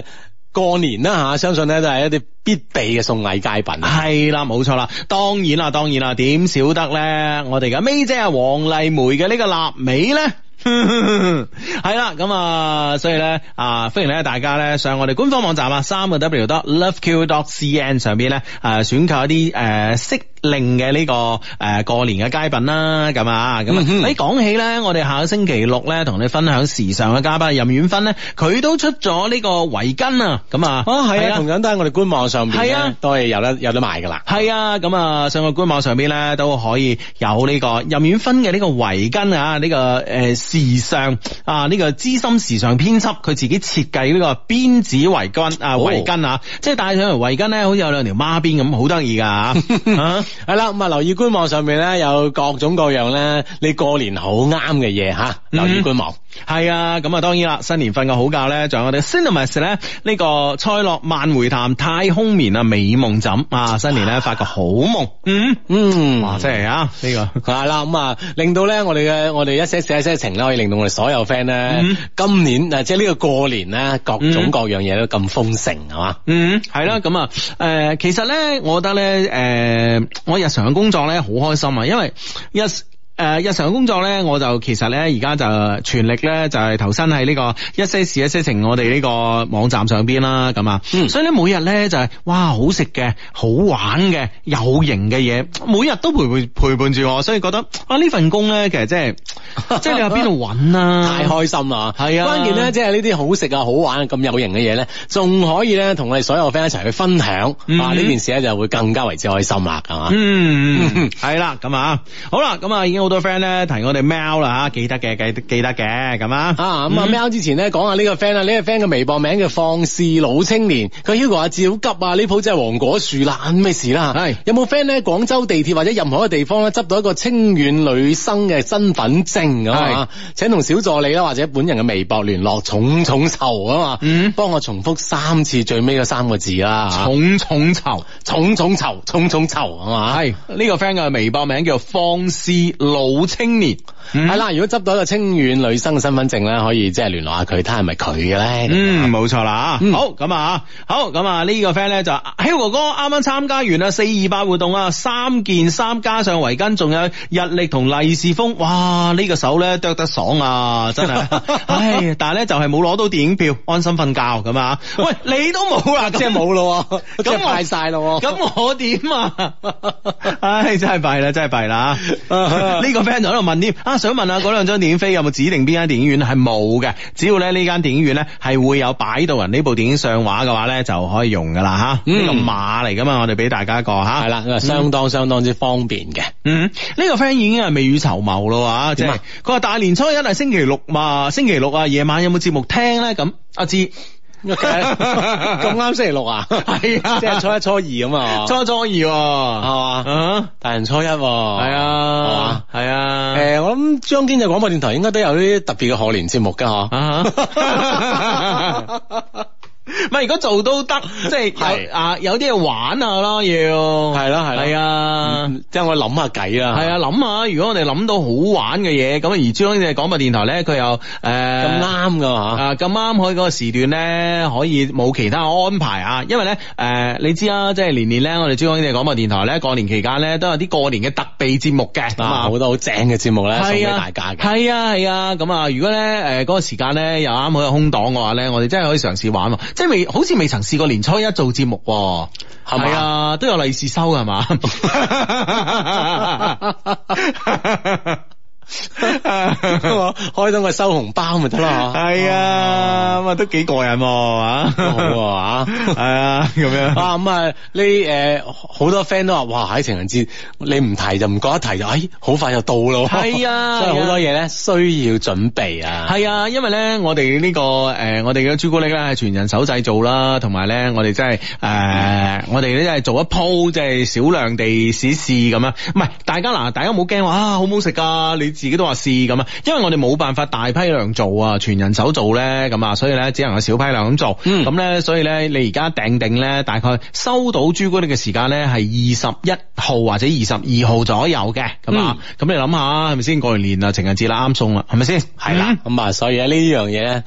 個。過年啦吓，相信咧都係一啲必備嘅送禮佳品。係啦，冇錯啦，當然啦，當然啦，點少得咧？我哋嘅 May 姐啊，黃麗梅嘅呢個臘味咧，係 啦，咁啊，所以咧啊，歡迎咧大家咧上我哋官方網站啊， 三個 w dot LoveQ dot cn 上邊咧啊，選購一啲誒色。令嘅呢、這個誒、呃、過年嘅佳品啦，咁啊，咁啊你講起咧，我哋下個星期六咧同你分享時尚嘅嘉賓任遠芬咧，佢都出咗呢個圍巾啊，咁啊啊係啊，同樣都係我哋官網上邊，係啊，都可以有得有得賣噶啦，係啊，咁啊上個官網上邊咧都可以有呢、這個任遠芬嘅呢個圍巾啊呢、這個誒、呃、時尚啊呢、這個資深時尚編輯佢自己設計呢個辮子圍巾啊圍巾啊，即係戴上條圍巾咧，好似有兩條孖辮咁，好得意噶吓。 係啦，咁啊，留意官網上面咧有各種各樣咧，你過年好啱嘅嘢吓，留意官網。係啊，咁啊，當然啦，新年瞓個好覺咧，仲有我哋 Cinema 咧、這、呢個賽諾萬回彈太空棉啊，美夢枕啊，新年咧發個好夢。嗯嗯，哇，真係啊，呢、這個係啦，咁、嗯、啊，令到咧我哋嘅我哋一些情一些情咧，可以令到我哋所有 friend 咧、嗯，今年啊，即係呢個過年咧，各種各樣嘢都咁豐盛係嘛。嗯，係啦，咁啊，誒、呃，其實咧，我覺得咧，誒、呃。我日常嘅工作咧，好開心啊，因為一。誒、呃，日常工作咧，我就其實咧，而家就全力咧，就係、是、投身喺呢、這個一些事、一些情，我哋呢個網站上邊啦，咁啊、嗯，所以咧每日咧就係、是、哇，好食嘅、好玩嘅、有型嘅嘢，每日都陪伴陪伴住我，所以覺得啊，呢份工咧，其實真、就、係、是，即 係你話邊度搵啊？太開心啦，係啊，關鍵咧，即係呢啲好食啊、好玩咁有型嘅嘢咧，仲可以咧同我哋所有 friend 一齊去分享，嗯、啊，呢件事咧就會更加為之開心啦，咁啊，嗯，係、嗯嗯、啦，咁啊，好啦，咁啊已經。好多 friend 咧提我哋喵啦嚇，記得嘅記記得嘅，咁啊啊咁啊喵之前咧講下呢個 friend 啊。呢、呢個 friend 嘅微博名叫放肆老青年，佢 h u 阿字好急啊，呢鋪真係黃果樹爛咩、啊、事啦？係有冇 friend 咧？廣州地鐵或者任何一個地方咧，執到一個清遠女生嘅身份證咁啊？請同小助理啦或者本人嘅微博聯絡，重重酬啊嘛，嗯，幫我重複三次最尾嘅三個字啦、啊，重重酬，重重酬，重重酬係嘛？係呢、呢個 friend 嘅微博名叫做放肆老老青年，係、嗯、啦，如果執到一個清遠女生嘅身份證咧，可以即係聯絡下佢，睇係咪佢嘅咧。嗯，冇錯啦、嗯。好，咁啊，好，咁啊，這個、呢個 friend 咧就，嘿哥哥啱啱參加完啊四二八活動啊，三件衫加上圍巾，仲有日曆同利是封，哇，呢、這個手咧剁得爽啊，真係。 唉，但係咧就係冇攞到電影票，安心瞓覺咁啊。 喂，你都冇 那我 啦，即係冇咯，咁壞晒咯，咁我點啊？唉，真係弊啦，真係弊啦。 呢、這個 friend 就喺度問添啊，想問下嗰兩張電影飛有冇指定邊間電影院？係冇嘅，只要咧呢間電影院咧係會有擺渡人呢部電影上畫嘅話咧就可以用噶啦吓，呢、嗯這個碼嚟噶嘛，我哋俾大家一個吓，係、嗯、啦，相當相當之方便嘅。嗯，呢、這個 friend 已經係未雨綢繆咯，即係佢話大年初一係星期六嘛，星期六啊夜晚有冇節目聽咧？咁阿志。咁 啱星期六啊，係 即係初一初二咁啊，初一初二係、啊、嘛， uh -huh. 大人初一係啊，係 是啊，誒，我諗珠江嘅電視廣播電台應該都有啲特別嘅賀年節目噶嗬。唔如果做都得，即係有是啊，有啲嘢玩下咯，要係啦，係啦，啊，即係我諗下計啊，係啊，諗下，如果我哋諗到好玩嘅嘢，咁而珠江呢啲廣播電台咧，佢又誒咁啱㗎嘛。咁、啊、啱可以嗰個時段咧，可以冇其他安排啊，因為咧誒、呃，你知啦，即係年年咧，我哋珠江經濟廣播電台咧，過年期間咧，都有啲過年嘅特備節目嘅，啊、嗯，好多好正嘅節目咧，送俾大家嘅，係啊，係啊，咁啊，如果咧誒嗰個時間咧又啱好有空檔嘅話咧，我哋真係可以嘗試玩喎，即係。未好似未曾試過年初一做節目，係咪啊？都有利是收噶，係嘛？ 開通個收紅包咪得咯，係啊咁啊都幾過癮喎，好啊，係啊咁、啊啊啊 啊、樣啊咁啊呢誒好多 friend 都話哇喺情人節你唔提就唔覺一提就誒好快就到咯，係啊，所以好多嘢咧、啊、需要準備啊，係啊，因為咧我哋呢、這個誒、呃、我哋嘅朱古力咧係全人手製做啦，同埋咧我哋真係誒我哋咧真係做一鋪即係少量地試試咁啊，唔係大家嗱大家唔好驚話啊好唔好食啊？你。自己都話試咁啊，因為我哋冇辦法大批量做啊，全人手做呢咁啊，所以呢，只能夠小批量咁做。嗯，咁咧所以呢，你而家訂定呢，大概收到朱古力嘅時間呢係二十一號或者二十二號左右嘅，咁、嗯、啊，咁你諗下啊，係咪先過完年啊情人節啦，啱送啦，係咪先？係、嗯、啦，咁啊、嗯，所以咧呢樣嘢。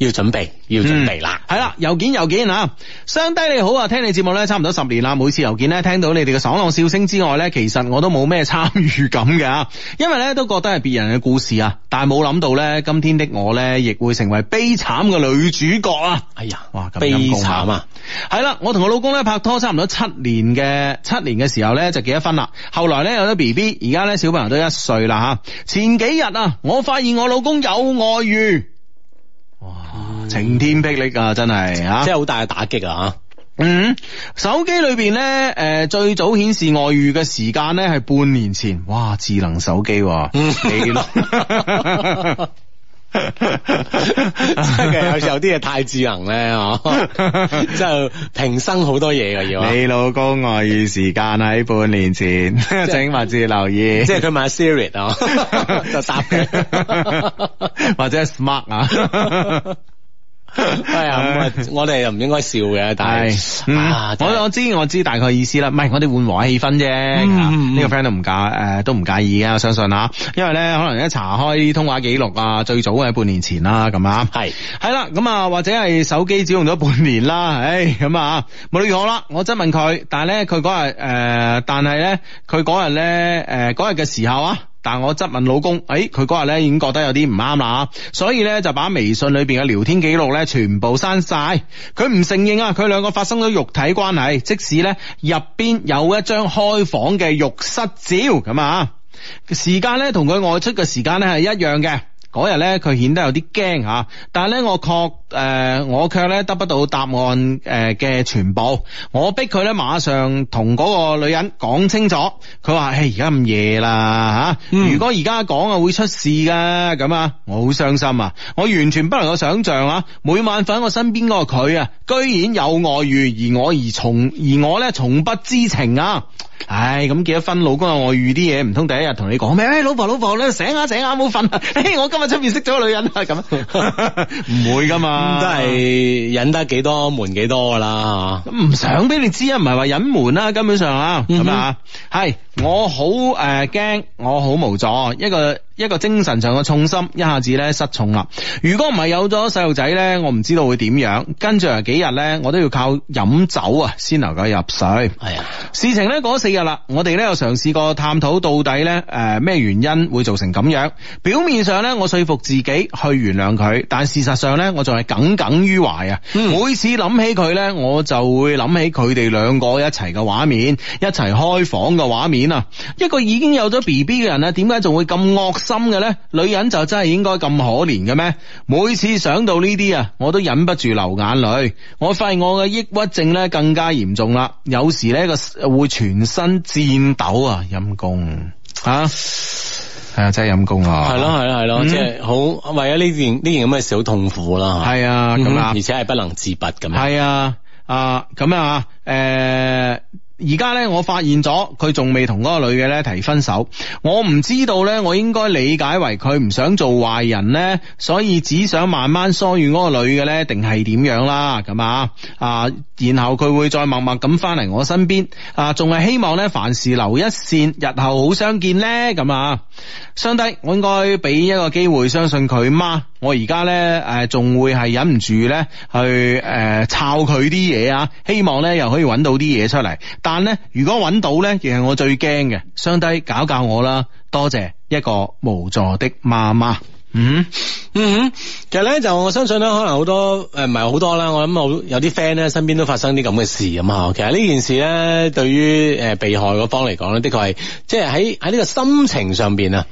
要準備，要準備啦。係、嗯、啦，郵件郵件啊，相低你好啊，聽你節目咧，差唔多十年啦。每次郵件咧，聽到你哋嘅爽朗笑聲之外咧，其實我都冇咩參與感㗎！啊，因為咧都覺得係別人嘅故事啊。但係冇諗到咧，今天的我咧，亦會成為悲慘嘅女主角啊。哎呀，哇，悲慘啊！係啦、啊，我同我老公咧拍拖差唔多七年嘅，七年嘅時候咧就結咗婚啦。後來咧有咗 BB，而家咧小朋友都一歲啦吓。前幾日啊，我發現我老公有外遇。哇！晴天霹靂啊，真係啊，即係好大嘅打擊啊！嗯，手機裏邊咧，誒、呃，最早顯示外遇嘅時間咧係半年前。哇！智能手機、啊，嗯，係咯。真 係有時有啲嘢太智能咧，哦，真係平生好多嘢㗎要。你老公外遇時間喺半年前， 請勿置留意。即係佢買 series 哦，就答或者 smart 啊。係、 嗯嗯嗯、啊，我哋又唔應該笑嘅，但係啊，我我知我知大概意思啦。唔係我哋緩和下氣氛啫。呢、嗯、個 friend 都唔介，誒、呃、都唔介意嘅，我相信啊。因為咧，可能一查開通話記錄啊，最早嘅半年前啦，咁啊，係係啦，咁啊，或者係手機只用咗半年啦，唉、哎、咁、呃呃、啊，冇理我啦。我真問佢，但係咧，佢嗰日誒，但係咧，佢嗰日咧，誒，嗰日嘅時候啊。但我質問老公，誒、哎，佢嗰日咧已經覺得有啲唔啱啦，所以咧就把微信裏邊嘅聊天記錄咧全部刪晒。佢唔承認啊，佢兩個發生咗肉體關係，即使咧入邊有一張開房嘅浴室照，咁啊，時間咧同佢外出嘅時間咧係一樣嘅。嗰日咧，佢顯得有啲驚嚇，但係咧、呃，我確誒，我卻咧得不到答案誒嘅全部。我逼佢咧馬上同嗰個女人講清楚。佢話：誒，而家咁夜啦吓，如果而家講啊會出事噶。咁啊，我好傷心啊，我完全不能夠想象啊，每晚瞓喺我身邊嗰個佢啊，居然有外遇，而我而從而我咧從不知情啊。唉，咁結咗婚，老公有外遇啲嘢，唔通第一日同你講咩？老婆老婆，你醒啊醒啊，冇瞓啊！我今喺出面識咗個女人啊咁，唔 會噶嘛，都係忍得幾多、啊、瞞幾多噶啦，咁唔想俾你知啊，唔係話隱瞞啦，根本上啊咁啊，係、嗯嗯、我好誒驚、呃，我好無助一個。一個精神上嘅重心一下子咧失重啦。如果唔係有咗細路仔呢，我唔知道會點樣。跟住嚟幾日呢，我都要靠飲酒啊先能夠入睡。係啊，事情呢，嗰四日啦，我哋呢又嘗試過探討到底呢誒咩原因會造成咁樣。表面上呢，我說服自己去原諒佢，但事實上呢，我仲係耿耿於懷啊。每次諗起佢呢，我就會諗起佢哋兩個一齊嘅畫面，一齊開房嘅畫面啊。一個已經有咗 BB 嘅人呢，點解仲會咁惡？心嘅咧，女人就真係應該咁可憐嘅咩？每次想到呢啲啊，我都忍不住流眼淚。我發現我嘅抑鬱症咧更加嚴重啦，有時咧個會全身顫抖啊，陰功吓，係啊，真係陰功啊，係咯，係咯，係咯、嗯，即係好為咗呢件呢件咁嘅小痛苦啦，係啊，咁、嗯、啊，而且係不能自拔咁、呃、樣，係、呃、啊，啊，咁啊，誒。而家呢，我發現咗佢仲未同嗰個女嘅，呢提分手，我唔知道呢，我應該理解為佢唔想做壞人呢，所以只想慢慢疏遠嗰個女嘅呢定係點樣啦？咁啊啊，然後佢會再默默咁翻嚟我身邊啊，仲係希望呢，凡事留一線，日後好相見呢。咁啊，兄弟，我應該俾一個機會相信佢嗎？我而家咧，誒，仲會係忍唔住咧，去誒抄佢啲嘢啊！希望咧又可以揾到啲嘢出嚟。但咧，如果揾到咧，亦係我最驚嘅。雙低教教我啦，多謝一個無助的媽媽。嗯嗯哼，其實咧就我相信啦，可能好多誒唔係好多啦，我諗有有啲 friend 咧身邊都發生啲咁嘅事咁啊。其實呢件事咧，對於誒被害嗰方嚟講咧，的確係即係喺喺呢個心情上邊啊，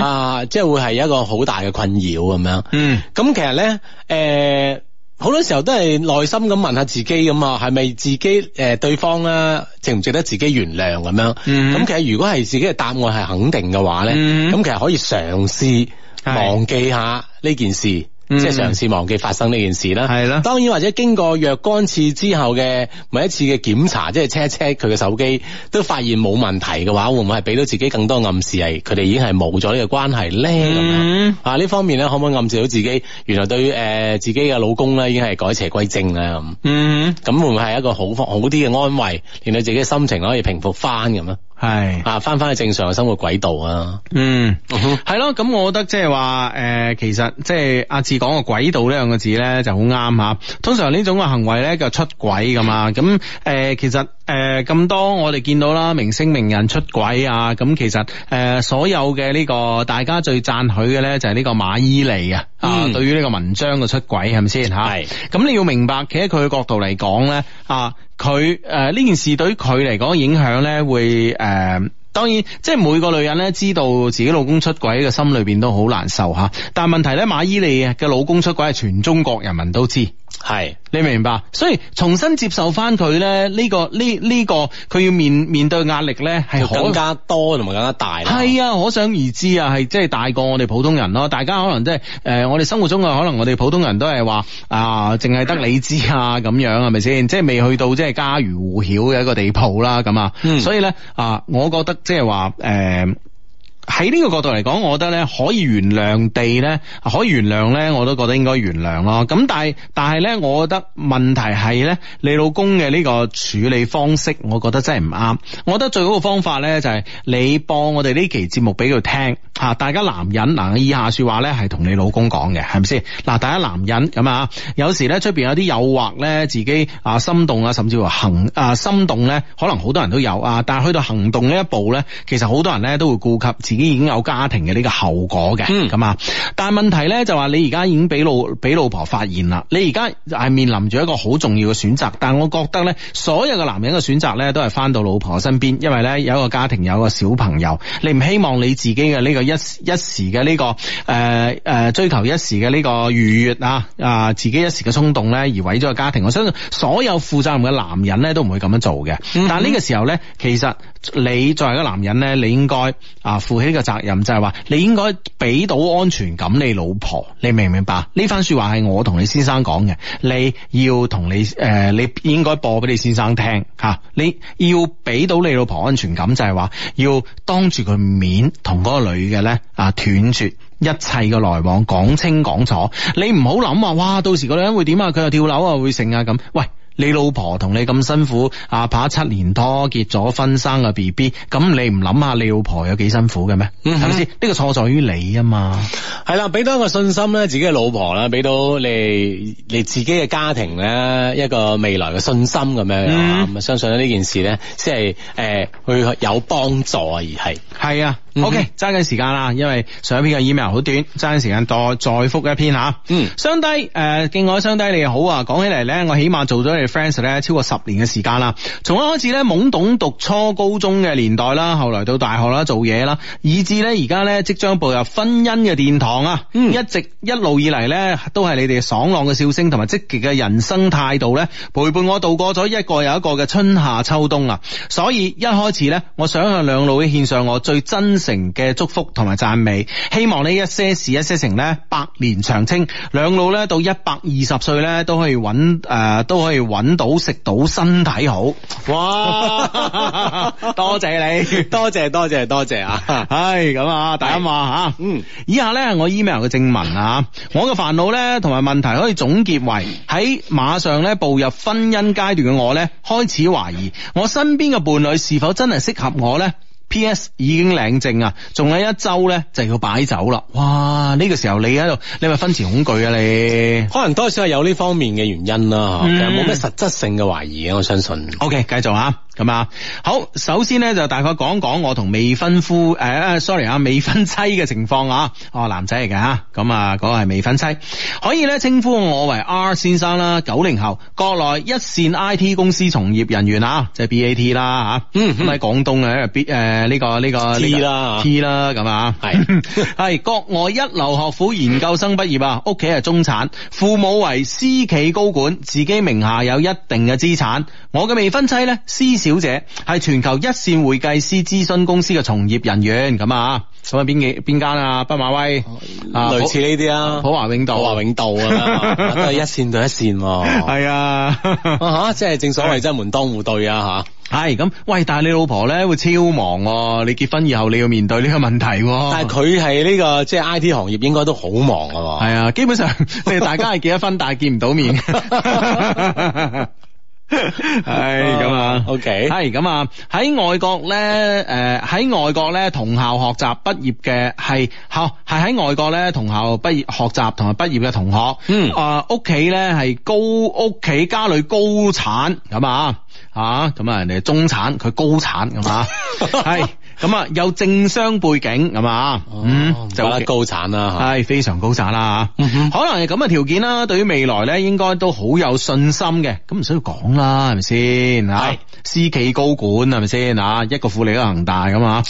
啊即係會係一個好大嘅困擾咁樣。嗯，咁其實咧誒好多時候都係內心咁問下自己咁啊，係咪自己誒對方咧值唔值得自己原諒咁樣？咁、mm -hmm. 其實如果係自己嘅答案係肯定嘅話咧，咁、mm -hmm. 其實可以嘗試。忘記下呢件事，嗯、即係嘗試忘記發生呢件事啦。係啦，當然或者經過若干次之後嘅每一次嘅檢查，即係 check check 佢嘅手機，都發現冇問題嘅話，會唔會係俾到自己更多暗示，係佢哋已經係冇咗呢個關係咧？咁、嗯、樣啊，呢方面咧可唔可以暗示到自己原來對於誒、呃、自己嘅老公咧已經係改邪歸正啊？咁嗯，咁會唔會係一個好好啲嘅安慰，令到自己嘅心情可以平復翻咁咧？係啊，翻翻去正常嘅生活軌道啊。嗯，係咯。Uh-huh。咁我覺得即係話，誒、呃，其實即係阿志講嘅軌道呢兩個字咧就好啱吓。通常呢種嘅行為咧就出軌㗎嘛。咁 誒、呃，其實誒咁、呃、多我哋見到啦，明星名人出軌啊。咁其實誒、呃，所有嘅呢、這個大家最贊許嘅咧就係呢個馬伊琍啊。 啊，對於呢個文章嘅出軌係咪先吓？係。咁 你要明白，企喺佢嘅角度嚟講咧啊。佢誒，呢、呃、件事對於佢嚟講影響咧，會、呃、誒，當然即係每個女人咧知道自己老公出軌嘅心裏邊都好難受吓。但問題咧，馬伊琍嘅老公出軌係全中國人民都知。係，你明唔明白？所以重新接受翻佢咧，呢、呢個呢呢、呢個佢要面面對壓力咧，係更加多同埋更加大。係啊，可想而知啊，係即係大過我哋普通人咯。大家可能即係誒，我哋生活中啊，可能我哋普通人都係話、呃、啊，淨係得你知啊咁樣，係咪先？即係未去到即係家喻戶曉嘅一個地步啦。咁啊，嗯、所以咧啊、呃，我覺得即係話誒。就是喺呢個角度嚟講，我覺得咧可以原諒地咧，可以原諒咧，我都覺得應該原諒咯。咁但係但係咧，我覺得問題係咧，你老公嘅呢個處理方式，我覺得真係唔啱。我覺得最好嘅方法咧，就係你播我哋呢期節目俾佢聽吓。大家男人嗱，以下說話咧係同你老公講嘅，係咪先嗱？大家男人咁啊，有時咧出邊有啲誘惑咧，自己啊心動啊，甚至話行啊心動咧，可能好多人都有啊。但係去到行動呢一步咧，其實好多人咧都會顧及自己。已經有家庭嘅呢個後果嘅，嗯，咁啊，但係問題呢就話你而家已經俾老俾老婆發現啦，你而家係面臨住一個好重要嘅選擇，但係我覺得呢，所有嘅男人嘅選擇呢，都係翻到老婆身邊，因為呢，有一個家庭有一個小朋友，你唔希望你自己嘅呢個一一時嘅呢、呢個誒誒、呃呃、追求一時嘅呢個愉悅啊啊、呃、自己一時嘅衝動呢，而毀咗個家庭，我相信所有負責任嘅男人呢，都唔會咁樣做嘅，但係呢個時候呢，其實。你作為一個男人呢，你應該啊負起個責任就是說，就係話你應該俾到安全感你老婆，你明唔明白？呢番說話係我同你先生講嘅，你要同你誒你應該播俾你先生聽吓，你要俾到你老婆安全感就是說，就係話要當住佢面同嗰個女嘅咧啊斷絕一切嘅來往，講清講楚，你唔好諗話，哇，到時個女人會點啊？佢又跳樓啊，會成啊咁，喂。你老婆同你咁辛苦啊，拍七年拖，結咗婚生個 B B，咁你唔諗下你老婆有幾辛苦嘅咩？係咪先？呢個錯在於你啊嘛。係啦，俾多一個信心咧，自己嘅老婆啦，俾到你你自己嘅家庭咧，一個未來嘅信心咁樣咁啊相信呢件事咧，即係誒，會有幫助而係。係啊。O.K. 揸緊時間啦，因為上一篇嘅 email 好短，揸緊時間再再覆一篇吓。嗯，雙低誒，敬愛雙低，你好啊！講起嚟咧，我起碼做咗你 friends 咧超過十年嘅時間啦。從一開始咧懵懂讀初高中嘅年代啦，後來到大學啦做嘢啦，以至咧而家咧即將步入婚姻嘅殿堂啊！嗯，一直一路以嚟咧都係你哋爽朗嘅笑聲同埋積極嘅人生態度咧，陪伴我度過咗一個又一個嘅春夏秋冬啊！所以一開始咧，我想向兩老獻上我最真。成嘅祝福同埋讚美，希望呢一些事一些情呢百年長青，兩老呢到一百二十歲呢都可以揾誒、呃、都可以揾到食到身體好。哇！ 多謝你，多謝多謝多謝啊！唉、 哎，咁啊，大家話、啊、吓，嗯，以下呢我 email 嘅正文啊，我嘅煩惱呢，同埋問題可以總結為喺馬上呢步入婚姻階段嘅我呢，開始懷疑我身邊嘅伴侶是否真係適合我呢？P.S. 已經領證啊，仲有一周咧就要擺酒啦！哇，呢、這個時候你喺度，你咪婚前恐懼啊你，可能多少係有呢方面嘅原因啦、嗯，其實冇咩實質性嘅懷疑啊，我相信。O.K. 繼續吓。咁啊，好，首先咧就大概講講我同未婚夫誒，sorry 啊，sorry, 未婚妻嘅情況啊，哦，男仔嚟嘅吓，咁啊嗰個係未婚妻，可以咧稱呼我為 R 先生啦，九零後，國內一線 IT 公司從業人員啊，即係 BAT 啦吓，嗯，咁喺廣東嘅誒呢個呢個 T 啦 T 啦咁啊，係啊係啊 國外一流學府研究生畢業啊，屋企係中產，父母為私企高管，自己名下有一定嘅資產，我嘅未婚妻咧私。小姐係全球一線會計師諮詢公司嘅從業人員咁啊，咁啊邊記邊間啊？畢馬威啊，類似呢啲啊，普華永道、普華永道啊， 都係一線對一線，係啊，吓、啊啊、即係正所謂即係門當戶對啊吓。係咁，喂，但係你老婆咧會超忙、啊，你結婚以後你要面對呢個問題、啊。但係佢係呢個即係、就是、I T 行業，應該都好忙係、啊、嘛？係啊，基本上即係大家係結咗婚， 但係見唔到面。 係咁啊，OK，係咁啊。喺外國咧，誒，喺外國咧，同校學習畢業嘅係，吓係喺外國咧，同校畢業學習同埋畢業嘅同學，嗯，啊、呃，屋企咧係高，屋企家裏高產咁啊，吓，咁啊，人哋中產，佢高產咁啊，係。 咁、嗯、啊，有政商背景，咁、哦、啊嗯，就得高產啦，係非常高產啦，吓、嗯，可能係咁嘅條件啦。對於未來咧，應該都好有信心嘅，咁唔需要講啦，係咪先？係私企高管係咪先？吓，一個富力，一個恒大，咁啊。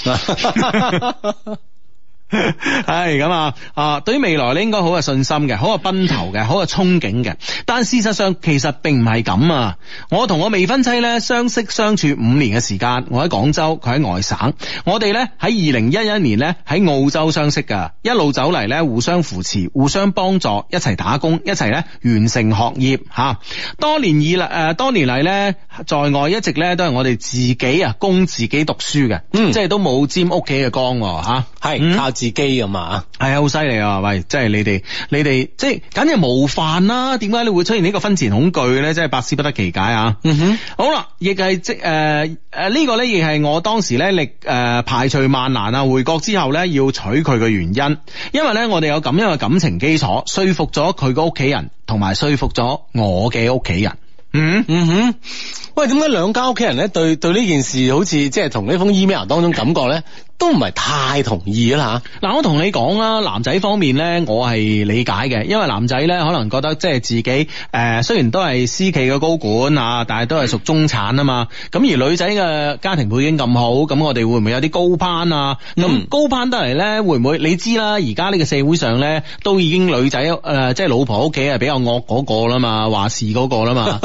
係咁啊！啊，對於未來咧，應該好有信心嘅，好有奔頭嘅，好有憧憬嘅。但事實上，其實並唔係咁啊！我同我未婚妻呢，相識相處五年嘅時間，我喺廣州，佢喺外省。我哋呢，喺二零一一年呢，喺澳洲相識噶，一路走嚟呢，互相扶持、互相幫助，一齊打工，一齊呢，完成學業吓。多年以嚟誒，多年嚟咧在外一直呢，都係我哋自己啊供自己讀書嘅，嗯，即係都冇沾屋企嘅光吓。係靠自己啊嘛，係、嗯、啊，好犀利啊！喂，即係你哋，你哋即係簡直模範啦、啊！點解你會出現呢個婚前恐懼咧？即係百思不得其解啊！嗯哼，好啦，亦係即誒誒呢個咧，亦係我當時咧，力、呃、誒排除萬難啊，回國之後咧，要娶佢嘅原因，因為咧，我哋有咁樣嘅感情基礎，說服咗佢個屋企人，同埋說服咗我嘅屋企人。嗯嗯哼，喂，點解兩家屋企人咧，對對呢件事，好似即係同呢封 email 當中感覺咧？嗯都唔係太同意啦吓，嗱，我同你講啦，男仔方面咧，我係理解嘅，因為男仔咧，可能覺得即係自己誒，雖然都係私企嘅高管啊，但係都係屬中產啊嘛。咁而女仔嘅家庭背景咁好，咁我哋會唔會有啲高攀啊？咁、嗯、高攀得嚟咧，會唔會你知啦？而家呢個社會上咧，都已經女仔誒，即係老婆屋企係比較惡嗰個啦嘛，話事嗰個啦嘛。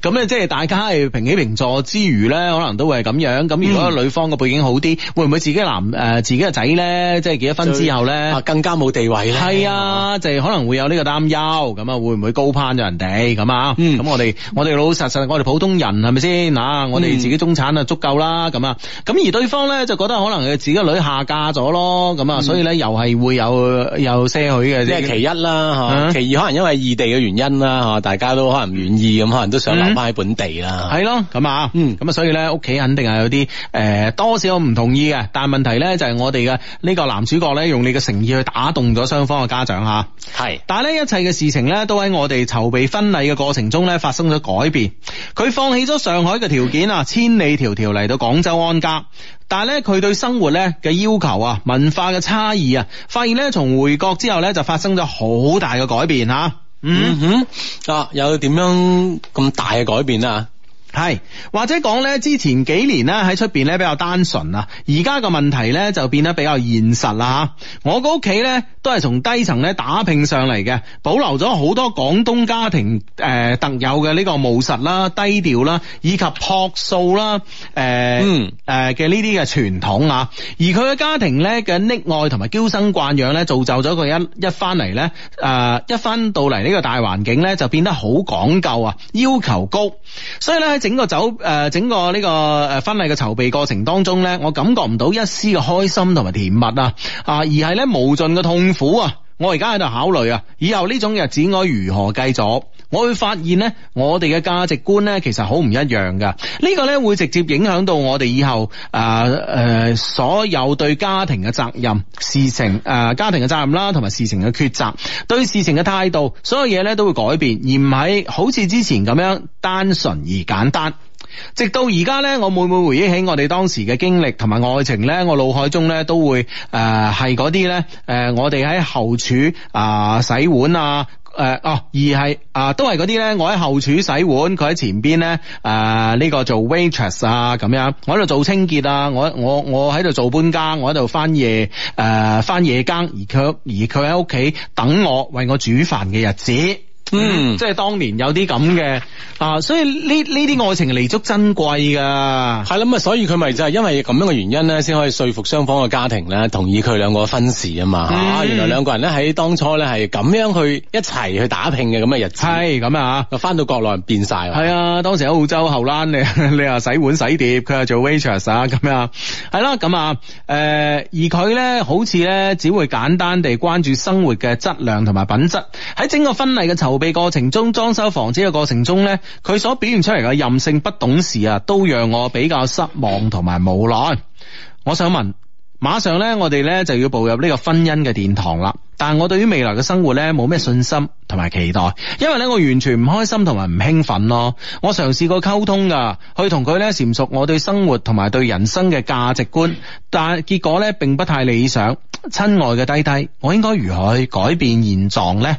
咁咧即係大家係平起平坐之餘咧，可能都會係咁樣。咁、嗯、如果女方嘅背景好啲，會唔會自己？男、呃、自己嘅仔咧，即係結咗婚之後咧、啊，更加冇地位咧，係啊，啊，就可能會有呢個擔憂咁啊，會唔會高攀咗人哋咁啊？咁我哋我哋老實實，我哋普通人係咪先嗱？我哋自己中產就啊，足夠啦咁啊。咁而對方咧就覺得可能自己個女下嫁咗咯，咁啊、嗯，所以咧又係會有有些許嘅，即係其一啦、啊、其二可能因為異地嘅原因啦，大家都可能唔願意咁，可能都想留翻喺本地啦。係、嗯、咯，咁啊，咁、嗯、啊，所以咧屋企肯定係有啲誒、呃、多少唔同意嘅，但問題呢就係我哋嘅呢個男主角呢，用你嘅誠意去打動咗雙方嘅家長吓。係，但係呢一切嘅事情呢，都喺我哋籌備婚禮嘅過程中呢發生咗改變。佢放棄咗上海嘅條件啊、嗯，千里迢迢嚟到廣州安家。但係呢，佢對生活呢嘅要求啊，文化嘅差異啊，發現呢從回國之後呢，就發生咗好大嘅改變吓。嗯哼，啊有點樣咁大嘅改變啊。係，或者講呢，之前幾年呢，喺出邊呢，比較單純啊，而家個問題呢，就變得比較現實啦。我個屋企呢，都係從低層呢打拼上嚟嘅，保留咗好多廣東家庭誒特有嘅呢個務實啦、低調啦，以及樸素啦，誒、呃，嗯，誒嘅呢啲嘅傳統啊。而佢嘅家庭呢，嘅溺愛同埋嬌生慣養呢，造就咗佢一一翻嚟呢，誒，一翻到嚟呢個大環境呢，就變得好講究啊，要求高，所以呢。整個酒誒，整個呢個誒婚禮嘅籌備過程當中咧，我感覺唔到一絲嘅開心同埋甜蜜啊，啊，而係咧無盡嘅痛苦啊！我而家喺度考慮啊，以後呢種日子我如何繼續。我會發現呢，我哋嘅價值觀呢，其實好唔一樣噶呢、呢個呢，會直接影響到我哋以後誒誒、呃、所有對家庭嘅責任事情誒、呃、家庭嘅責任啦，同埋事情嘅抉擇，對事情嘅態度，所有嘢呢都會改變，而唔係好似之前咁樣單純而簡單。直到而家呢，我每每回憶起我哋當時嘅經歷同埋愛情呢，我腦海中呢都會誒係嗰啲呢，誒、呃、呃、我哋喺後廚啊、呃、洗碗啊。誒、啊、哦，而係啊，都係嗰啲咧。我喺後廚洗碗，佢喺前邊咧誒呢個做 waitress 啊咁樣。我喺度做清潔啊，我我我喺度做搬家，我喺度翻夜誒、啊、翻夜更，而佢而佢喺屋企等我為我煮飯嘅日子。嗯，嗯，即係當年有啲咁嘅啊，所以呢呢啲愛情彌足珍貴噶係啦咁啊，所以佢咪就係因為咁樣嘅原因咧，先可以說服雙方嘅家庭咧，同意佢兩個嘅婚事，嗯、啊嘛吓，原來兩個人咧喺當初咧係咁樣去一齊去打拼嘅咁嘅日子，係咁啊，就返到國內變晒係啊，當時喺澳洲後欄你你話洗碗洗碟，佢又做 waitress 啊咁樣，係啦咁啊，誒、呃、而佢咧好似咧只會簡單地關注生活嘅質量同埋品質，喺整個婚禮嘅籌。籌備過程中，裝修房子嘅過程中呢，佢所表現出嚟嘅任性、不懂事啊，都讓我比較失望同埋無奈。我想問，馬上呢，我哋呢就要步入呢個婚姻嘅殿堂啦，但我對於未來嘅生活呢，冇咩信心同埋期待，因為呢，我完全唔開心同埋唔興奮咯。我嘗試，試過溝通噶，去同佢呢，闡述我對生活同埋對人生嘅價值觀，但係結果呢，並不太理想。親愛嘅弟弟，我應該如何去改變現狀呢？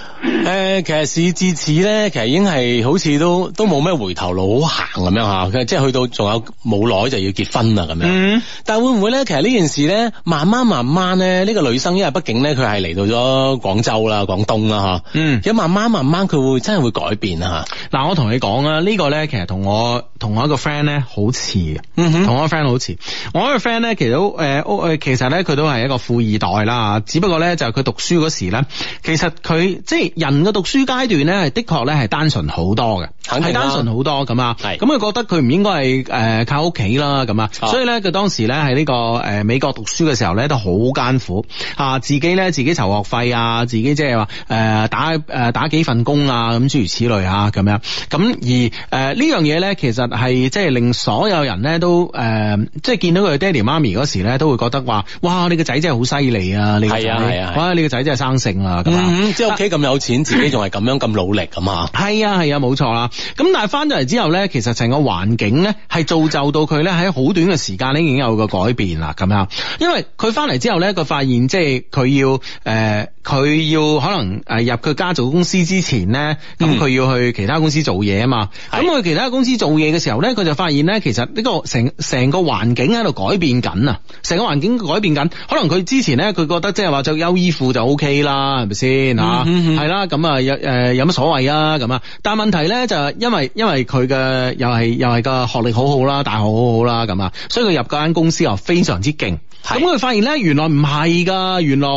誒， 其實事至此咧，其實已經係好似都都冇咩回頭路好行咁樣吓，即係去到仲有冇耐就要結婚啦咁樣。嗯，但係會唔會咧？其實呢件事咧，慢慢慢慢咧，呢、這個女生因為畢竟咧佢係嚟到咗廣州啦，廣東啦吓，嗯，有慢慢慢慢佢會真係會改變吓。嗱、嗯，我同你講啊，呢、這個咧其實同我同我一個 friend 咧好似，嗯哼，同我一個 friend 好似，我一個 friend 咧其實誒，誒、呃、其實咧佢都係一個富二代啦，只不過咧就佢讀書嗰時咧，其實佢即係。人嘅讀書階段咧，係的確咧係單純好多嘅，係單純好多咁啊。係咁佢覺得佢唔應該係誒靠屋企啦咁啊。所以咧，佢當時咧喺呢個誒美國讀書嘅時候咧，都好艱苦吓自己咧自己籌學費啊，自己即係話誒打誒打幾份工啊，咁諸如此類啊咁樣。咁而誒呢樣嘢咧，其實係即係令所有人咧都誒即係見到佢爹哋媽咪時咧，都會覺得話哇！你個仔真係好犀利啊！你係啊係啊！哇！你個仔真係生性啦咁啊！嗯、即係屋企咁有。錢自己仲係咁樣咁努力㗎嘛，係啊係啊冇錯啦。咁但係翻咗嚟之後咧，其實成個環境咧係造就到佢咧喺好短嘅時間咧已經有個改變啦。咁樣，因為佢翻嚟之後咧，佢發現即係佢要誒。呃佢要可能誒入佢家族公司之前咧，咁、嗯、佢要去其他公司做嘢啊嘛。咁、嗯、去其他公司做嘢嘅時候咧，佢就發現咧，其實呢、呢個成成個環境喺度改變緊啊，成個環境改變緊。可能佢之前咧，佢覺得即係話就優、是、衣庫就 O K 啦，係咪先吓？係、嗯、啦，咁啊，有誒、呃、有乜所謂啊？咁啊，但係問題咧就係因為因為佢嘅又係又係個學歷好好啦，大學好好啦，咁啊，所以佢入嗰間公司啊非常之勁。咁佢發現咧，原來唔係噶，原來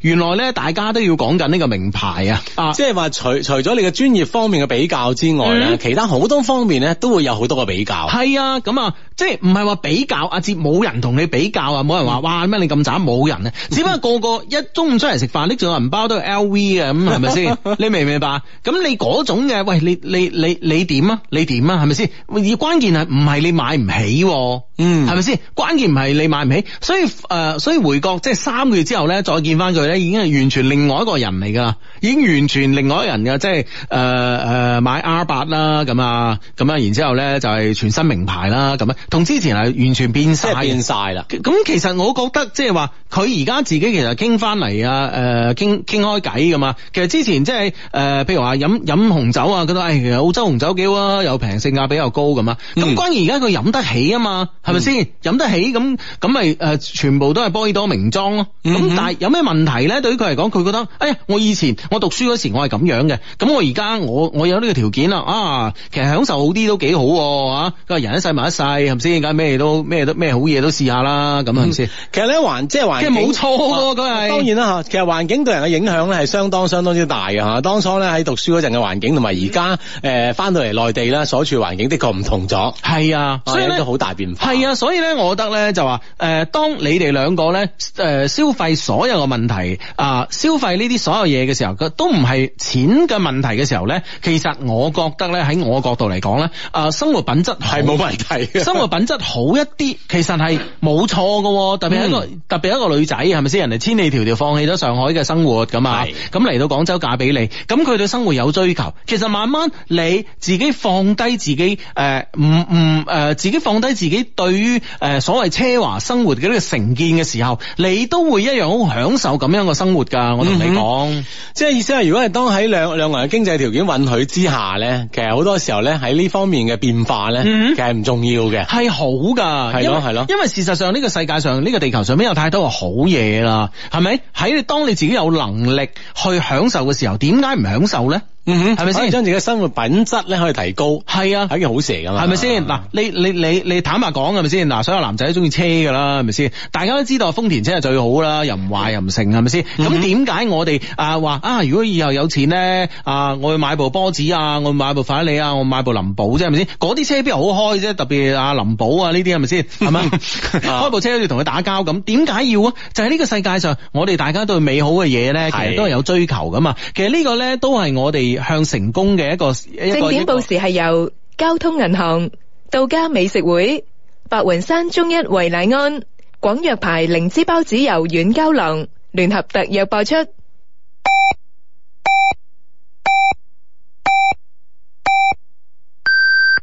原來咧，大家都要講緊呢個名牌啊！啊，即係話除除咗你嘅專業方面嘅比較之外啊、嗯，其他好多方面咧都會有好多個比較。係、嗯、啊，咁啊，即係唔係話比較？阿志冇人同你比較啊，冇人話、嗯、哇咩你咁渣，冇人啊。只不過個個一中午出嚟食飯拎住個銀包都係 LV 啊。咁、嗯，係咪先？你明唔明白？咁你嗰種嘅，喂你你你你點啊？你點啊？係咪先？以關鍵係唔係你買唔起，啊？嗯，係咪先？關鍵唔係你買唔起，所以。誒、呃，所以回國即係三個月之後咧，再見翻佢咧，已經係完全另外一個人嚟噶啦，已經完全另外一人㗎。即係誒誒買 R 八啦，咁啊，咁啊，然之後咧就係、是、全新名牌啦，咁啊，同之前係完全變晒，變晒啦。咁其實我覺得即係話，佢而家自己其實傾翻嚟啊，誒傾傾開偈㗎嘛。其實之前即係誒，譬如話飲飲紅酒啊，覺得誒澳洲紅酒幾好啊，又平，性價比又高咁啊。咁關鍵而家佢飲得起啊嘛，係咪先？飲、嗯、得起咁咁咪誒。全部都係波爾多名莊咯，咁、嗯、但係有咩問題咧？對於佢嚟講，佢覺得，哎呀，我以前我讀書嗰時候我係咁樣嘅，咁我而家我我有呢個條件啦，啊，其實享受好啲都幾好，吓、啊，佢話人一世埋一世，係咪先？梗咩都咩都咩好嘢都試下啦，咁啊先。其實咧，環即係環境，即係冇錯，佢係當然啦吓。其實環境對人嘅影響咧係相當相當之大嘅。吓、當初咧喺讀書嗰陣嘅環境，同埋而家誒翻到嚟內地啦，所處環境的確唔同咗。係啊，所以都好大變化。係啊，所以咧，我覺得咧就話誒、呃、當。你哋兩個呢誒，消費所有嘅問題啊，消費呢啲所有嘢嘅時候，都唔係錢嘅問題嘅時候呢。其實我覺得呢，喺我角度嚟講呢，誒、啊，生活品質係冇問題，生活品質好一啲，其實係冇錯嘅，特別係一個， 特、別一個、嗯、特別一個女仔係咪先？是不是人哋千里迢迢放棄咗上海嘅生活咁啊，咁嚟到廣州嫁俾你，咁佢對生活有追求，其實慢慢你自己放低自己，誒、呃、唔、呃、唔、誒、呃，自己放低自己對於誒、呃、所謂奢華生活嘅呢、那個。成建嘅時候，你都會一樣好享受咁樣嘅生活噶。我同你講，即、嗯、係意思係，如果係當喺兩兩個人嘅經濟條件允許之下咧，其實好多時候咧喺呢方面嘅變化咧、嗯，其實唔重要嘅，係好噶。係咯係咯，因為事實上呢、呢個世界上，呢、呢個地球上邊有太多個好嘢啦，係咪？喺你當你自己有能力去享受嘅時候，點解唔享受咧？嗯哼，係咪先？將自己嘅生活品質咧可以提高，係啊，係一件好事嚟噶嘛，係咪先？嗱，你你你你坦白講，係咪先？嗱，所有男仔都中意車噶啦，係咪先？大家都知道豐田車係最好啦，又唔壞又唔剩，係咪先？咁點解我哋啊話啊，如果以後有錢咧啊，我要買部波子啊，我要買部法拉利啊，我要買部林寶啫，係咪先？嗰啲車邊係好開啫？特別啊林寶啊呢啲係咪先？係嘛？ 開部車好似同佢打交咁，點解要啊？就喺、是、呢個世界上，我哋大家對美好嘅嘢咧，其實都係有追求噶嘛。其實這個呢個咧都係我哋。向成功嘅一個正點報時係由交通銀行、道家美食會、白雲山中一維奶安、廣藥牌靈芝孢子油軟膠囊聯合特約播出。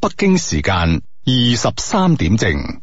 北京時間二十三點正。